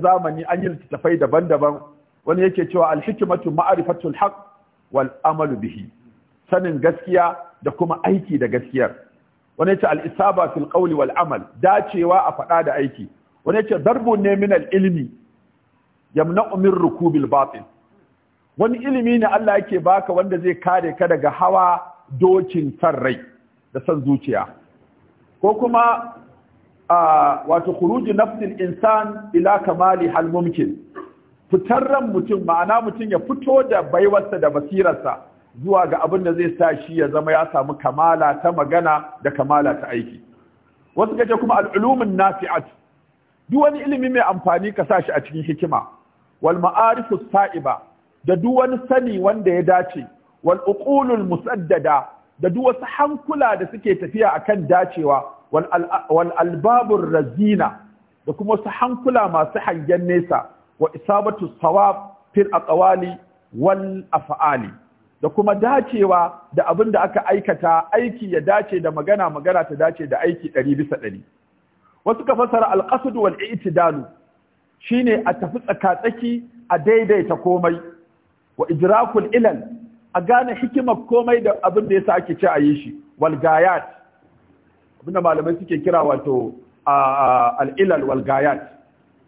zamani an yi littattafai daban-daban wani yake cewa alhikimatu ma'arifatul haq wal amalu bihi sanin gaskiya da kuma aiki da gaskiyar wani yace al-isaba fil qawli wal amal dacewa a faɗa da aiki wani yace darbun ne min al-ilmi yamna'u min rukubil batil wani ilimi ne Allah yake baka wanda zai kare ka daga hawa dokin san rai da son zuciya ko kuma wato khuruji nafsil insan ila kamali hal mumkin fitar ran mutum ma'ana mutum ya fito da baiwarsa da basirarsa zuwa ga abin da zai sa shi ya zama ya samu kamala ta magana da kamala ta aiki wasu kace kuma al'ulumin nafi'at duk wani ilimi mai amfani ka sa shi a cikin hikima wal ma'arifu sa'iba da duk wani sani wanda ya dace wal uqulul musaddada da duk wasu hankula da suke tafiya a kan dacewa wal albabur razina da kuma wasu hankula masu hangen nesa wa isabatu sawab fil aqwali wal af'ali da kuma dacewa da abin da aka aikata aiki ya dace da magana magana ta dace da aiki ɗari bisa ɗari wasu ka fasara alƙasud wal i'tidalu shine a tafi tsaka-tsaki a daidaita komai wa idrakul ilal a gane hikimar komai da abin da yasa ake ce a yi shi walgayat abin da malamai suke kira wato al'ilal walgayat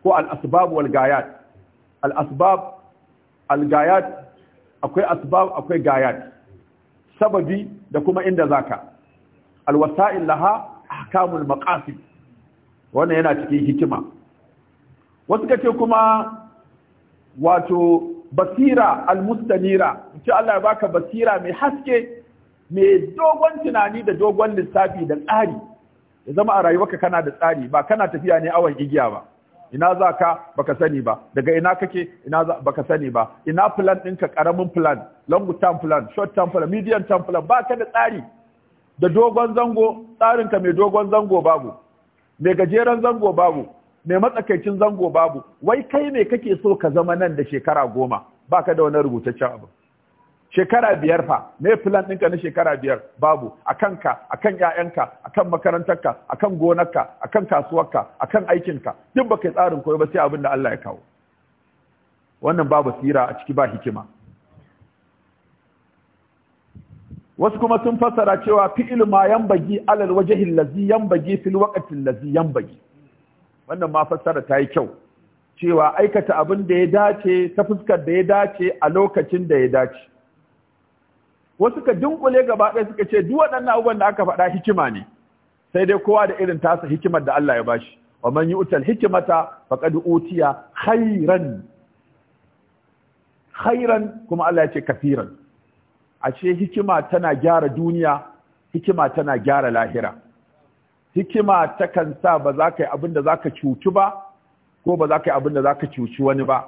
ko al'asbab walgayat al'asbab algayat akwai asbab akwai gayat sababi da kuma inda zaka alwasa'il laha ahkamul maqasid wannan yana cikin hikima wasu kace kuma wato basira almustanira ce Allah ya baka basira mai haske mai dogon tunani da dogon lissafi da tsari ya zama a rayuwarka kana da tsari ba kana tafiya ne awan igiya ba ina za ka baka sani ba daga ina kake ina za baka sani ba ina plan ɗinka ƙaramin plan long term plan short term plan medium term plan ba ka da tsari da dogon zango tsarinka mai dogon zango babu mai gajeren zango babu mai matsakaicin zango babu wai kai ne kake so ka zama nan da shekara goma Ba ka da wani rubutaccen abu shekara biyar fa me plan ɗinka na shekara biyar babu a kanka a kan ƴaƴanka a kan makarantarka a kan gonarka a kan kasuwarka a kan aikinka duk baka yi tsarin koyo ba sai abin da Allah ya kawo wannan babu sira a ciki ba hikima wasu kuma sun fassara cewa fi ma yambagi, alal wajhi allazi yambagi, fil waqti allazi yambagi. wannan ma fassara ta yi kyau cewa aikata abin da ya dace ta fuskar da ya dace a lokacin da ya dace wasu ka dunkule gaba ɗaya suka ce duk waɗannan abubuwan da aka faɗa hikima ne sai dai kowa da irin tasa hikimar da Allah ya bashi wa man yu'tal hikmata faqad utiya khairan khairan kuma Allah ya ce kafiran ashe hikima tana gyara duniya hikima tana gyara lahira hikima takan sa ba za ka yi abin da za ka cuci ba ko ba za ka yi abin da za ka cuci wani ba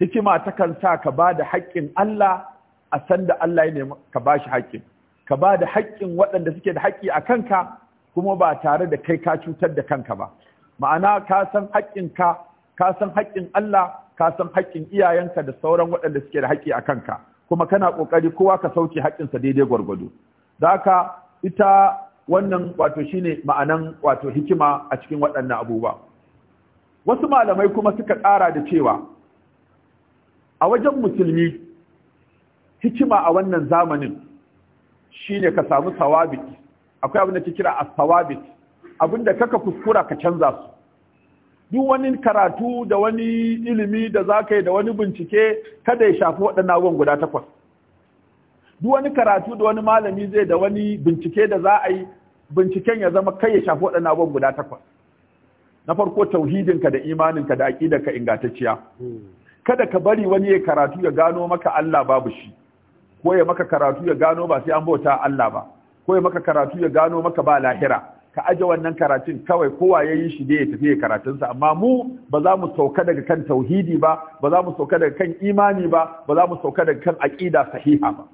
hikima takan sa ka ba da haƙƙin Allah a sanda Allah ya nemi ka ba shi haƙƙin ka ba da haƙƙin waɗanda suke da haƙƙi a kanka kuma ba tare da kai ka cutar da kanka ba ma'ana ka san haƙƙinka ka san haƙƙin Allah ka san haƙƙin iyayenka da sauran waɗanda suke da haƙƙi a kanka kuma kana ƙoƙari kowa ka sauke haƙƙinsa daidai gwargwado da haka ita wannan wato shine ma'anan wato hikima a cikin waɗannan abubuwa wasu malamai kuma suka ƙara da cewa a wajen musulmi hikima a wannan zamanin shine ka samu sawabit akwai abin da ke kira as-sawabit abin da kaka kuskura ka canza su duk wani karatu da wani ilimi da za ka da wani bincike kada ya shafi waɗannan abubuwan guda takwas duk wani karatu da wani malami zai da wani bincike da za a yi binciken ya zama kai ya shafi waɗannan abubuwan guda takwas na farko tauhidinka da imaninka da aƙidarka ingantacciya kada ka bari wani ya karatu ya gano maka Allah babu shi ko ya maka karatu ya gano ba sai an bauta Allah ba ko ya maka karatu ya gano maka ba lahira ka aje wannan karatun kawai kowa ya yi shi ne ya tafi karatunsa amma mu ba za mu sauka daga kan tauhidi ba ba za mu sauka daga kan imani ba ba za mu sauka daga kan aƙida sahiha ba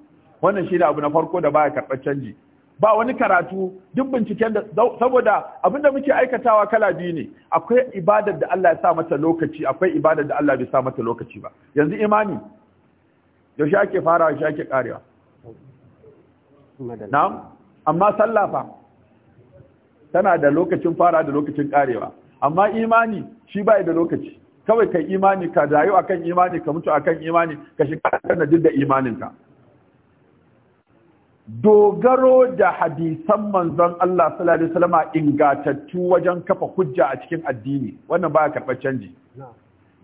wannan shi ne abu na farko da baya karɓar canji ba wani karatu duk binciken da saboda abin da muke aikatawa kala biyu ne akwai ibadar da Allah ya sa mata lokaci akwai ibadar da Allah bai sa mata lokaci ba yanzu imani yaushe ake farawa shi ake karewa na'am amma sallah fa tana da lokacin fara da lokacin karewa amma imani shi bai da lokaci kawai kai imani ka rayu akan imani ka mutu akan imani ka shiga kana duk da imaninka dogaro da hadisan manzon Allah sallallahu alaihi wasallam ingatattu wajen kafa hujja a cikin addini wannan ba karɓar canji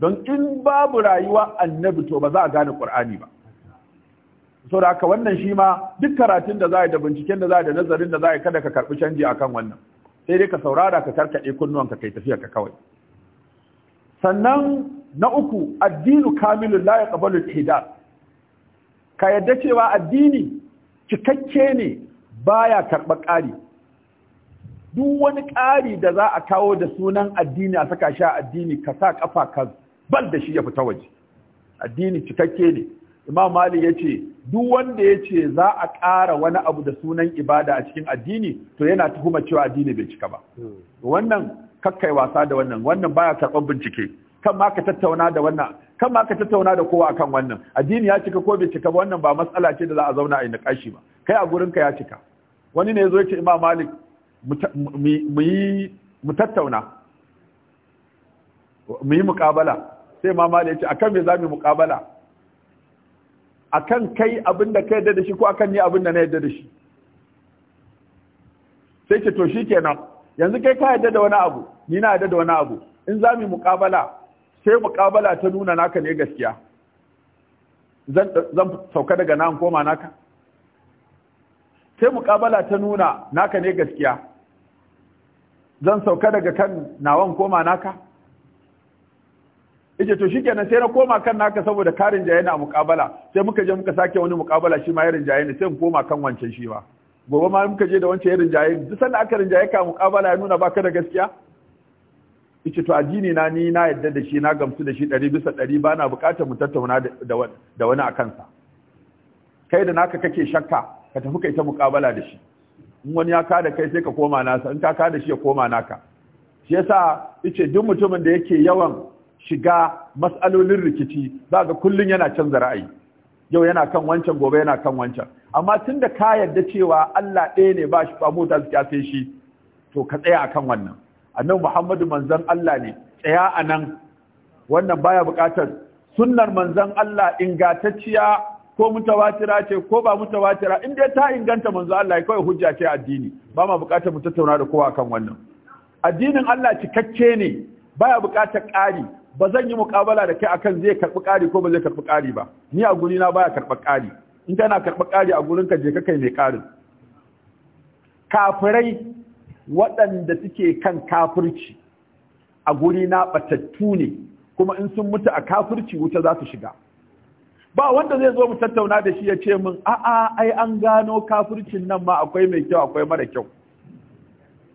don in babu rayuwa annabi to ba za a gane qur'ani ba so da haka wannan shi ma duk karatun da za a da binciken da za a da nazarin da za a kada ka karɓi canji akan wannan sai dai ka saurara ka karkaɗe kunnuwan ka kai tafiya ka kawai sannan na uku addinu kamilun la yaqbalu al ka yadda cewa addini cikakke ne baya karɓa ƙari duk wani ƙari da za a kawo da sunan addini a saka shi a addini ka sa ƙafa ka bal da shi ya fita waje addini cikakke ne imam mali ya ce duk wanda ya za a ƙara wani abu da sunan ibada a cikin addini to yana tuhuma cewa addini bai cika ba hmm. wannan kakkai wasa da wannan wannan baya karɓar bincike kan ma ka tattauna da wannan kan ma ka tattauna da kowa akan wannan addini ya cika ko bai cika ba wannan ba matsala ce da za a zauna a yi nakashi ba kai a gurin ka ya cika wani ne yazo ya ce Imam Malik mu yi mu tattauna mu yi muqabala sai Imam Malik ya ce akan me za mu muƙabala akan kai abin da kai da shi ko akan ni abin da na yadda da shi sai ce to shikenan yanzu kai ka yadda da wani abu ni na yadda da wani abu in za mu muƙabala sai muƙabala ta nuna naka ne gaskiya zan sauka daga nan koma naka sai muƙabala ta nuna naka ne gaskiya zan sauka daga kan nawan koma naka ije to shikenan sai na koma kan naka saboda karin jaye na muƙabala sai muka je muka sake wani muƙabala shi ma ya rinjaye ne sai mu koma kan wancan shi ba. gobe ma muka je da wancan ya rinjaye duk sanda aka rinjaye ka muƙabala ya nuna baka da gaskiya yace to addini na ni na yadda da shi na gamsu da shi ɗari bisa ɗari ba na buƙatar mu tattauna da wani a kansa kai da naka kake shakka ka tafi kai ta muƙabala da shi in wani ya kada kai sai ka koma nasa in ka kada shi ya koma naka shi yasa yace duk mutumin da yake yawan shiga mas'alolin rikici za ga kullun yana canza ra'ayi yau yana kan wancan gobe yana kan wancan amma tunda ka yarda cewa Allah ɗaya ne ba shi ba mota su sai shi to ka tsaya akan wannan annabi Muhammadu manzon Allah ne tsaya a nan wannan baya bukatar sunnar manzan Allah ingantacciya ko mutawatira ce ko ba mutawatira in dai ta inganta manzo Allah kai hujja ce addini ba ma bukatar mu tattauna da kowa kan wannan addinin Allah cikakke ne baya bukatar ƙari ba zan yi muƙabala da kai akan zai karɓi ƙari ko ba zai karɓi ƙari ba ni a guri na baya karɓa ƙari in kana karɓa ƙari a gurin ka je ka kai mai ƙarin kafirai waɗanda suke kan kafirci a guri na batattu ne kuma in sun mutu a kafirci wuta za su shiga ba wanda zai zo mu tattauna da shi ya ce min a'a ai an gano kafircin nan ma akwai mai kyau akwai mara kyau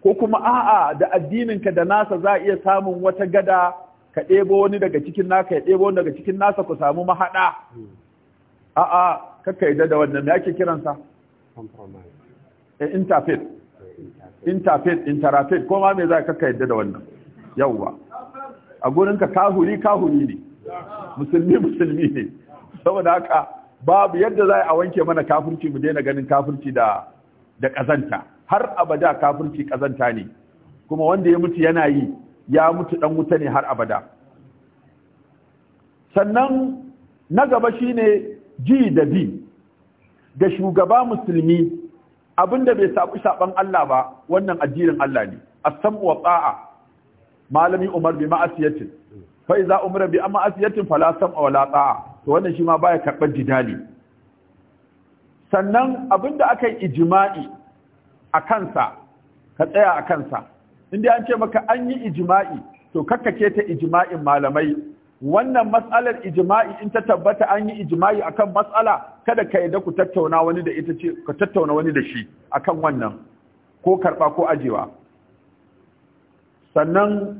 ko kuma a'a da addininka da nasa za a iya samun wata gada ka ɗebo wani daga cikin naka ya ɗebo wani daga cikin nasa ku samu mahaɗa hmm. a'a kakka yadda da wannan me ake kiransa eh, interfaith interfaith interfaith ko ma me za ka yadda da wannan yawwa a gurinka kahuri kahuri ne musulmi musulmi ne saboda haka babu yadda za a wanke mana kafirci mu daina ganin kafirci da da kazanta har abada kafirci kazanta ne kuma wanda ya mutu yana yi ya mutu dan wuta ne har abada sannan na gaba shine ji da bi ga shugaba musulmi da bai sabu saban Allah ba wannan addinin Allah ne as-sam'u wa ta'a malami Umar bi ma'asiyatin fa iza umira bi ma'asiyatin fala sam'a wala ta'a to wannan shi ma baya karɓar jidali sannan abinda aka yi ijma'i a kansa ka tsaya a kansa inda an ce maka an yi ijma'i to kakkace ta ijma'in malamai wannan matsalar ijma'i in ta tabbata an yi ijma'i akan matsala kada ka yadda ku tattauna wani da ita ce ka tattauna wani da shi akan wannan ko karba ko ajewa sannan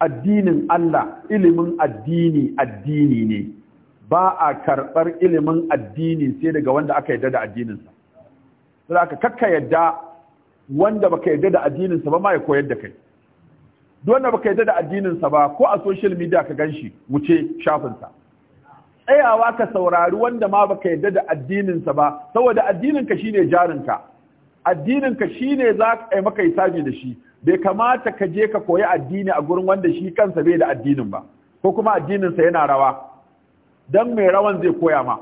addinin Allah ilimin addini addini ne ba a karbar ilimin addini sai daga wanda aka yadda da addininsa sai aka kakka yadda wanda baka yadda da addininsa ba ma ya koyar da kai Don ba baka yadda da addininsa ba ko a social media ka gan shi wuce shafinsa tsayawa ka saurari wanda ma baka yadda da addininsa ba saboda addininka ka shine jarinka, addininka addinin ka shine za ka yi maka hisabi da shi bai kamata ka je ka koyi addini a gurin wanda shi kansa bai da addinin ba ko kuma addininsa yana rawa dan mai rawan zai koya ma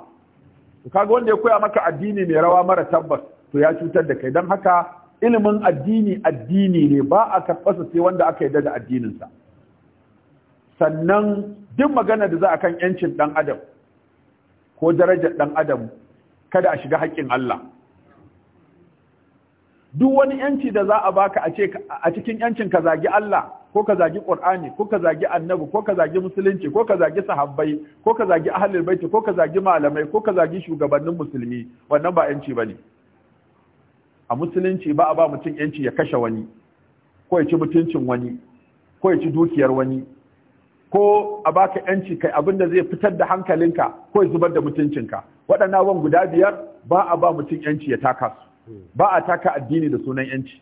kaga wanda ya koya maka addini mai rawa mara tabbas to ya cutar da kai don haka ilimin addini addini ne ba a karɓarsa sai wanda aka yarda da addininsa sannan duk magana da za a kan yancin ɗan adam ko darajar ɗan adam kada a shiga haƙƙin Allah duk wani yanci da za a baka a cikin yancin ka zagi Allah ko ka zagi Qur'ani ko ka zagi Annabi ko ka zagi musulunci ko ka zagi sahabbai ko ka zagi ahlul baiti ko ka zagi malamai ko ka zagi shugabannin musulmi wannan ba yanci bane a musulunci ba a ba mutum yanci ya kashe wani ko ya ci mutuncin wani ko ya ci dukiyar wani ko a baka yanci kai abin da zai fitar da hankalinka ko ya zubar da mutuncinka waɗannan wan guda biyar ba a ba mutum yanci ya taka su ba a taka addini da sunan yanci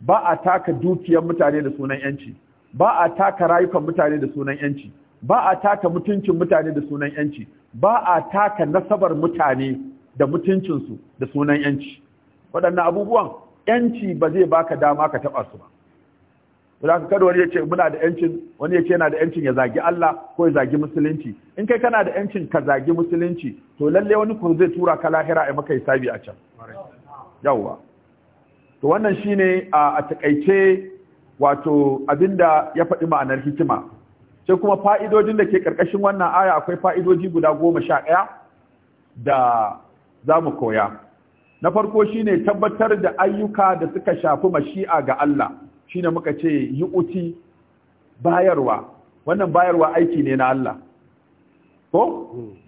ba a taka dukiyar mutane da sunan yanci ba a taka rayukan mutane da sunan yanci ba a taka mutuncin mutane da sunan yanci ba a taka nasabar mutane da mutuncinsu da sunan yanci waɗannan abubuwan yanci ba zai baka dama ka taɓa su ba Wadda ka kada wani ya ce muna da yancin wani ya ce yana da yancin ya zagi Allah ko ya zagi musulunci in kai kana da yancin ka zagi musulunci to lalle wani kuma zai tura ka lahira a maka hisabi a can yawwa to wannan shi ne a taƙaice wato abin da ya faɗi ma'anar hikima sai kuma fa'idojin da ke ƙarƙashin wannan aya akwai fa'idoji guda goma sha ɗaya da za mu koya na farko shine tabbatar da ayyuka da suka shafi mashi'a ga Allah shine muka ce yi uti bayarwa wannan bayarwa aiki ne na Allah ko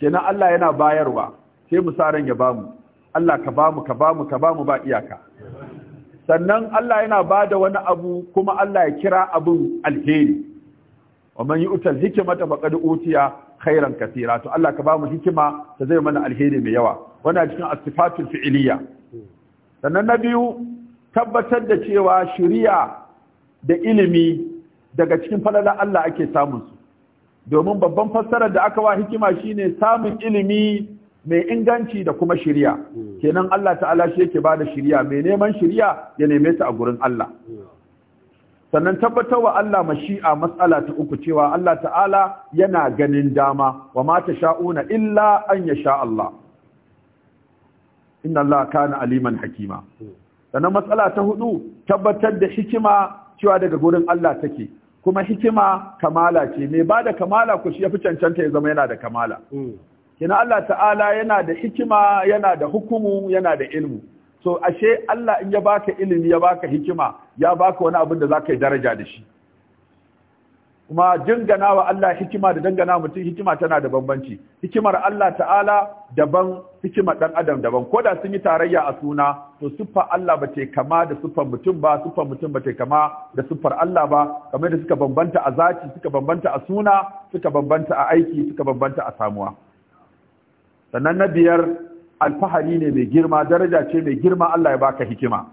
kenan Allah yana bayarwa sai mu saran ya bamu Allah ka bamu ka bamu ka bamu ba iyaka sannan Allah yana bada wani abu kuma Allah ya kira abun alheri wa man yu'tal hikmata faqad utiya khairan kathira to Allah ka bamu hikima ta zai mana alheri mai yawa wannan cikin asifatul fi'iliya sannan na biyu tabbatar da cewa shari'a da ilimi daga cikin falalar Allah ake samun su domin babban fassarar da aka wa hikima shine samun ilimi mai inganci da kuma shirya hmm. kenan Allah ta'ala shi yake bada shiriya mai neman shiriya ya neme ta a gurin Allah hmm. sannan tabbatar wa Allah mashi'a mas'ala ta uku cewa Allah ta'ala yana ganin dama wa mata sha'una illa an sha Allah inna Allah kana aliman hakima sannan mas'ala ta hudu tabbatar da hikima cewa daga gurin Allah take kuma hikima kamala ce mai ba da kamala ku shi yafi cancanta ya zama yana da kamala hmm. kina Allah ta'ala yana da hikima yana da hukumu yana da ilmu so ashe Allah in ya baka ilimi ya baka hikima ya baka wani abin da zaka yi daraja da shi kuma dangana wa Allah hikima da dangana mutum hikima tana da bambanci hikimar Allah ta'ala daban hikimar dan adam daban ko da sun yi tarayya a suna to siffa Allah ba ta kama da siffar mutum ba siffar mutum ba ta kama da siffar Allah ba kamar da suka bambanta a zaci, suka bambanta a suna suka bambanta a aiki suka bambanta a samuwa sannan na biyar alfahari ne mai girma daraja ce mai girma Allah ya baka hikima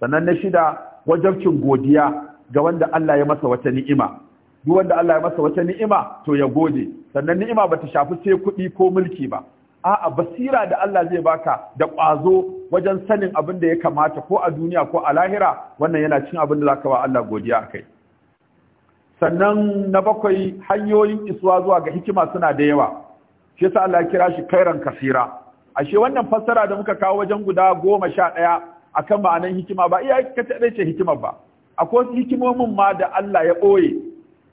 sannan na shida wajabcin godiya ga wanda Allah ya masa wata ni'ima duk wanda Allah ya masa wata ni'ima to ya gode sannan ni'ima bata shafi sai kuɗi ko mulki ba a'a basira da Allah zai baka da ƙwazo wajen sanin abin da ya kamata ko a duniya ko a lahira wannan yana cin abin da zaka ba Allah godiya kai. sannan na bakwai hanyoyin isuwa zuwa ga hikima suna da yawa shi yasa Allah ya kira shi kairan kasira ashe wannan fassara da muka kawo wajen guda goma sha ɗaya a kan ma'anan hikima ba iya ka taɗa ce hikimar ba akwai hikimomin ma da Allah ya ɓoye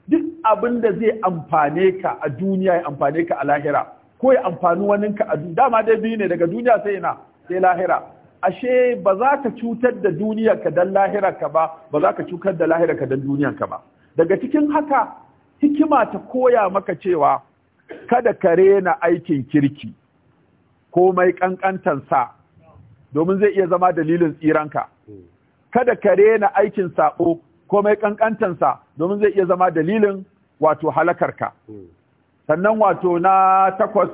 duk abin da zai amfane ka a duniya ya amfane ka a lahira ko ya amfani ka a duniya dama dai biyu ne daga duniya sai ina sai lahira ashe ba za ka cutar da duniya ka dan lahira ka ba ba za ka cutar da lahira ka dan ka ba daga cikin haka hikima ta koya maka cewa kada ka rena aikin kirki komai ƙanƙantansa domin zai iya zama dalilin tsiranka kada ka rena aikin saɓo komai ƙanƙantansa domin zai iya zama dalilin wato halakarka sannan wato na takwas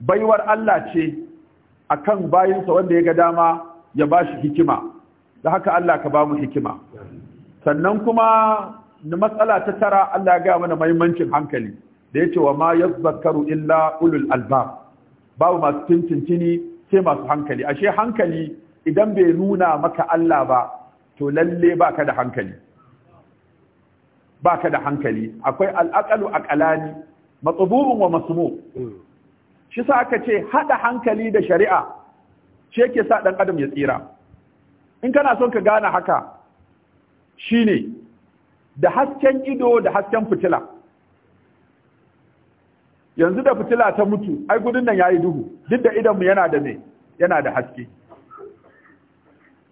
baiwar Allah ce a kan bayinsa wanda ya ga dama ya ba shi hikima da haka Allah ka ba mu hikima sannan kuma matsala ta tara Allah ya gaya mana mahimmancin hankali da ya ce wa ma Zakaru illa ulul albab babu masu tuntuntuni sai masu hankali ashe hankali idan bai nuna maka Allah ba to lalle baka da hankali baka da hankali akwai al'aqalu aqalani matsubun wa masmu shi sa aka ce hada hankali da shari'a shi yake sa dan adam ya tsira in kana son ka gane haka shine da hasken ido da hasken fitila yanzu da fitila ta mutu ai gudun nan yayi duhu duk da idan mu yana da me yana da haske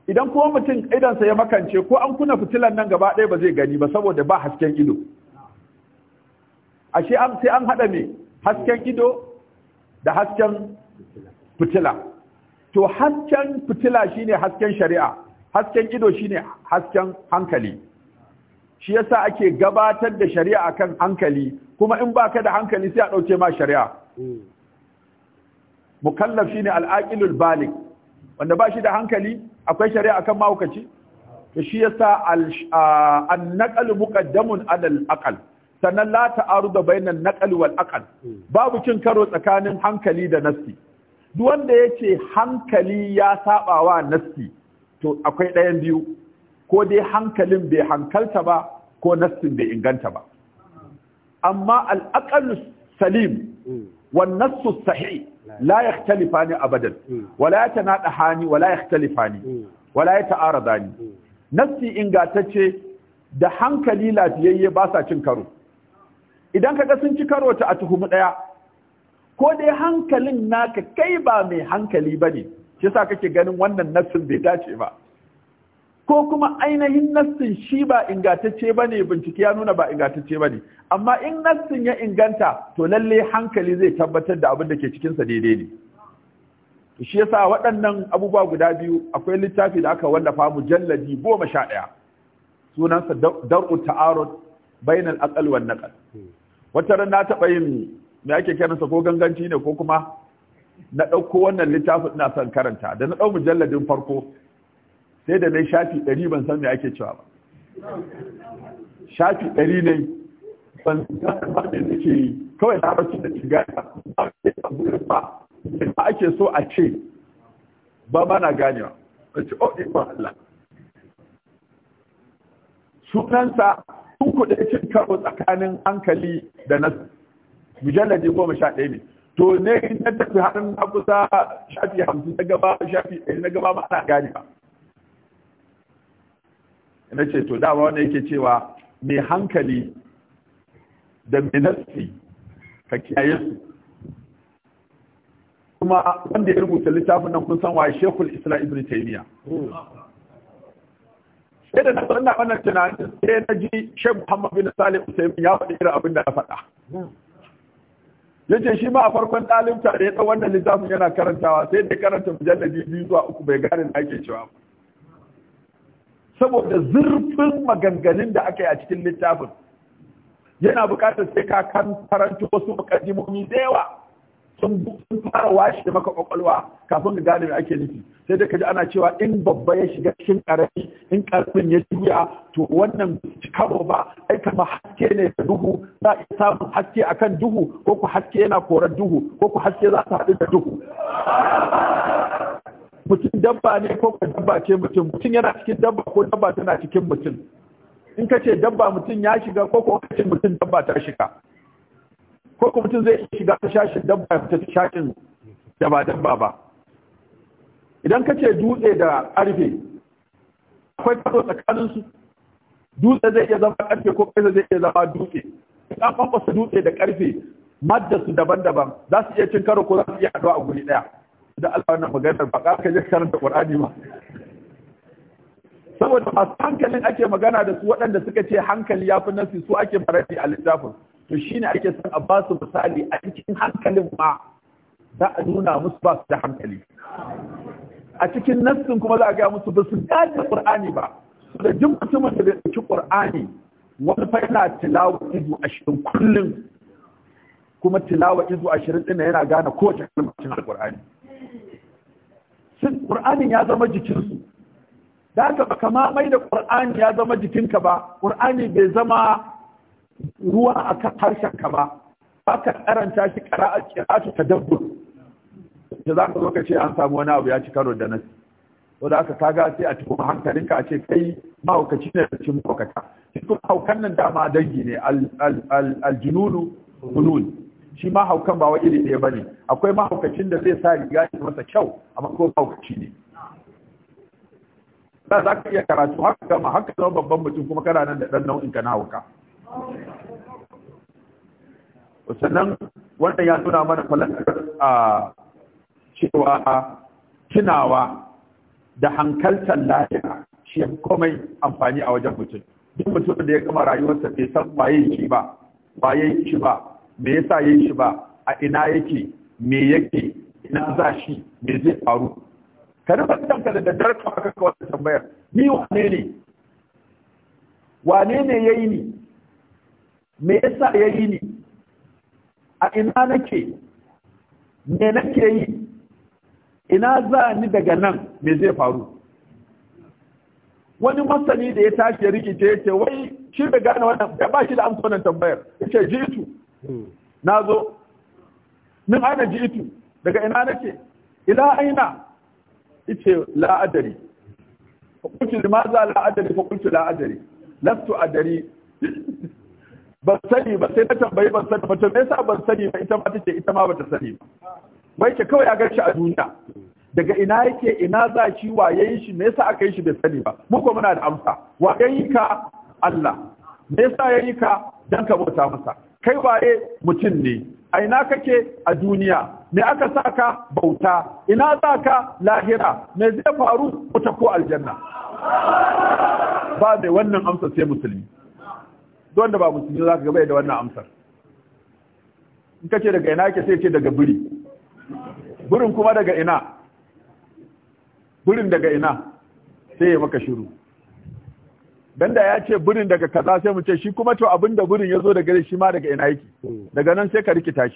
idan kuma mutum sa ya makance ko an kuna fitilan nan gaba ɗaya ba zai gani ba saboda ba hasken ido ashe an sai an haɗa me hasken ido da hasken fitila to hasken fitila shine hasken shari'a hasken ido shine hasken hankali shi yasa ake gabatar da shari'a akan hankali kuma in baka da hankali sai a dauke ma shari'a mukallaf shine al-aqilul balig wanda ba shi da hankali akwai shari'a akan mahaukaci to shi yasa an naqlu muqaddamun ala al aql sannan la ta'arudu bayna al-naql wal aql babu cin karo tsakanin hankali da nasti duk wanda yace hankali ya sabawa nasti to akwai ɗayan biyu ko dai hankalin bai hankalta ba ko nassin bai inganta ba amma al'aqal salim wan nassu sahih la yakhtalifani abadan wala yatanadahani wala yakhtalifani wala yata'aradani nassi ingatacce da hankali lafiyayye ba sa cin karo idan kaga sun ci karo ta a tuhumi daya ko dai hankalin naka kai ba mai hankali bane shi yasa kake ganin wannan nassin bai dace ba ko kuma ainihin nassin shi ba ingantacce ba ne bincike ya nuna ba ingantacce ba ne amma in nassin ya inganta to lallai hankali zai tabbatar da abin da ke cikinsa daidai ne shi yasa waɗannan abubuwa guda biyu akwai littafi da aka wallafa mujalladi goma sha ɗaya sunansa dar'u ta'arud bainal aqal wan naqal wata ran na taɓa yin me ake kiransa ko ganganci ne ko kuma na ɗauko wannan littafin ina son karanta da na ɗau mujalladin farko sai da na shafi ɗari ban san me ake cewa ba shafi ɗari ne ban san ba da ke yi kawai na bacci da shiga ba ake so a ce ba ba na ganewa ba ce oh ikon Allah sunansa sun kuɗe cin karo tsakanin hankali da nasu mujalladi goma sha ɗaya ne to ne in ta tafi har na kusa shafi hamsin na gaba shafi ɗari na gaba ba na ganewa na ce to dama wanda yake cewa mai hankali da mai ka kiyaye su kuma wanda ya rubuta littafin nan kun san wa shekul isra ibn taymiya sai da na sanna wannan tunanin sai na ji shek muhammad bin salim usaimin ya faɗi irin abin da na faɗa ya ce shi ma a farkon ɗalibta da ya ɗau wannan littafin yana karantawa sai da karanta mujallabi biyu zuwa uku bai gane da ake cewa ba saboda zurfin maganganun da aka yi a cikin littafin yana bukatar sai ka kan karanta wasu mukaddimomi da yawa sun fara washe maka kwakwalwa kafin ga gane ake nufi sai da ka ji ana cewa in babba ya shiga cikin karami in karfin ya juya to wannan cikabo ba ai kama haske ne da duhu za a samun haske akan duhu ko ku haske yana korar duhu ko ku haske za su haɗu da duhu mutum dabba ne ko ko dabba ce mutum mutum yana cikin dabba ko dabba tana cikin mutum in ka ce dabba mutum ya shiga ko ko ka ce mutum dabba ta shiga ko ko mutum zai shiga ta shashin dabba ya fita shashin da ba dabba ba idan ka ce dutse da ƙarfe akwai kaso tsakanin su dutse zai iya zama ƙarfe ko ƙarfe zai iya zama dutse idan an su dutse da ƙarfe madda su daban-daban za su iya cin karo ko za su iya haɗuwa a guri ɗaya da Allah wannan maganar ba ka je karanta Qur'ani ba saboda masu hankalin ake magana da su waɗanda suka ce hankali ya fi nasi su ake faradi a littafin to shi ne ake son a ba su misali a cikin hankalin ma za a nuna musu ba su da hankali a cikin nassin kuma za a gaya musu ba su gane Qur'ani ba Su da jin mutumin da bai ɗauki Qur'ani wani fa yana tilawa izu ashirin kullum kuma tilawa izu ashirin ɗin yana gane kowace kalmar cikin Qur'ani sun ƙur'anin ya zama jikinsu da haka ba kama mai da ƙur'ani ya zama jikinka ba ƙur'ani bai zama ruwa a kan ka ba ba ka karanta shi a ƙira'atu ta dabbur da za ka zo ce an samu wani abu ya ci karo da nasi Ko da aka kaga sai a cikin hankalinka a ce kai mahaukaci ne da cikin mahaukata cikin haukan nan dama dangi ne aljununu hulun shi ma haukan ba iri ɗaya ba ne. akwai mahaukacin da zai sa riga shi masa kyau amma ko mahaukaci ne za za ka iya karatu haka kama haka zama babban mutum kuma kana nan da ɗan nau'in ka na hauka sannan wannan ya nuna mana falakar a cewa tunawa da hankaltar lafiya shi ya komai amfani a wajen mutum duk mutum da ya gama rayuwarsa bai san waye shi ba waye shi ba me yasa yin shi ba a ina yake me yake ina za shi me zai faru ka rufe kanka da daddar ka ka wata tambayar ni wane ne wane ne yayi ni me yasa yayi ni a ina nake me nake yi ina za ni daga nan me zai faru wani masani da ya tashi ya rikice ya ce wai shi bai gane wannan ba shi da amsa wannan tambayar ya ce jitu na zo min aina ji'itu daga ina nake ila aina ice la adari fa qultu limaza la adari fa qultu la adari lastu adari ban sani ba sai na tambayi ban sani ba to me yasa ban sani ba ita ma tace ita ma bata sani ba bai ke kawai a garshi a duniya daga ina yake ina za shi wa yayi shi me yasa aka yi shi bai sani ba mu ko muna da amsa wa yayi ka Allah me yasa yayi ka dan ka bauta masa kai waye mutum ne a ina kake a duniya me aka saka bauta ina za ka lahira me zai faru wuta ko aljanna ba da wannan amsar sai musulmi don da ba musulmi za ka gaba da wannan amsar in ka ce daga ina ke sai ce daga biri burin kuma daga ina burin daga ina sai ya maka shiru dan da ya ce birin daga kaza sai mu ce shi kuma to abin da birin ya zo daga shi ma daga ina yake hmm. daga nan sai ka rikita shi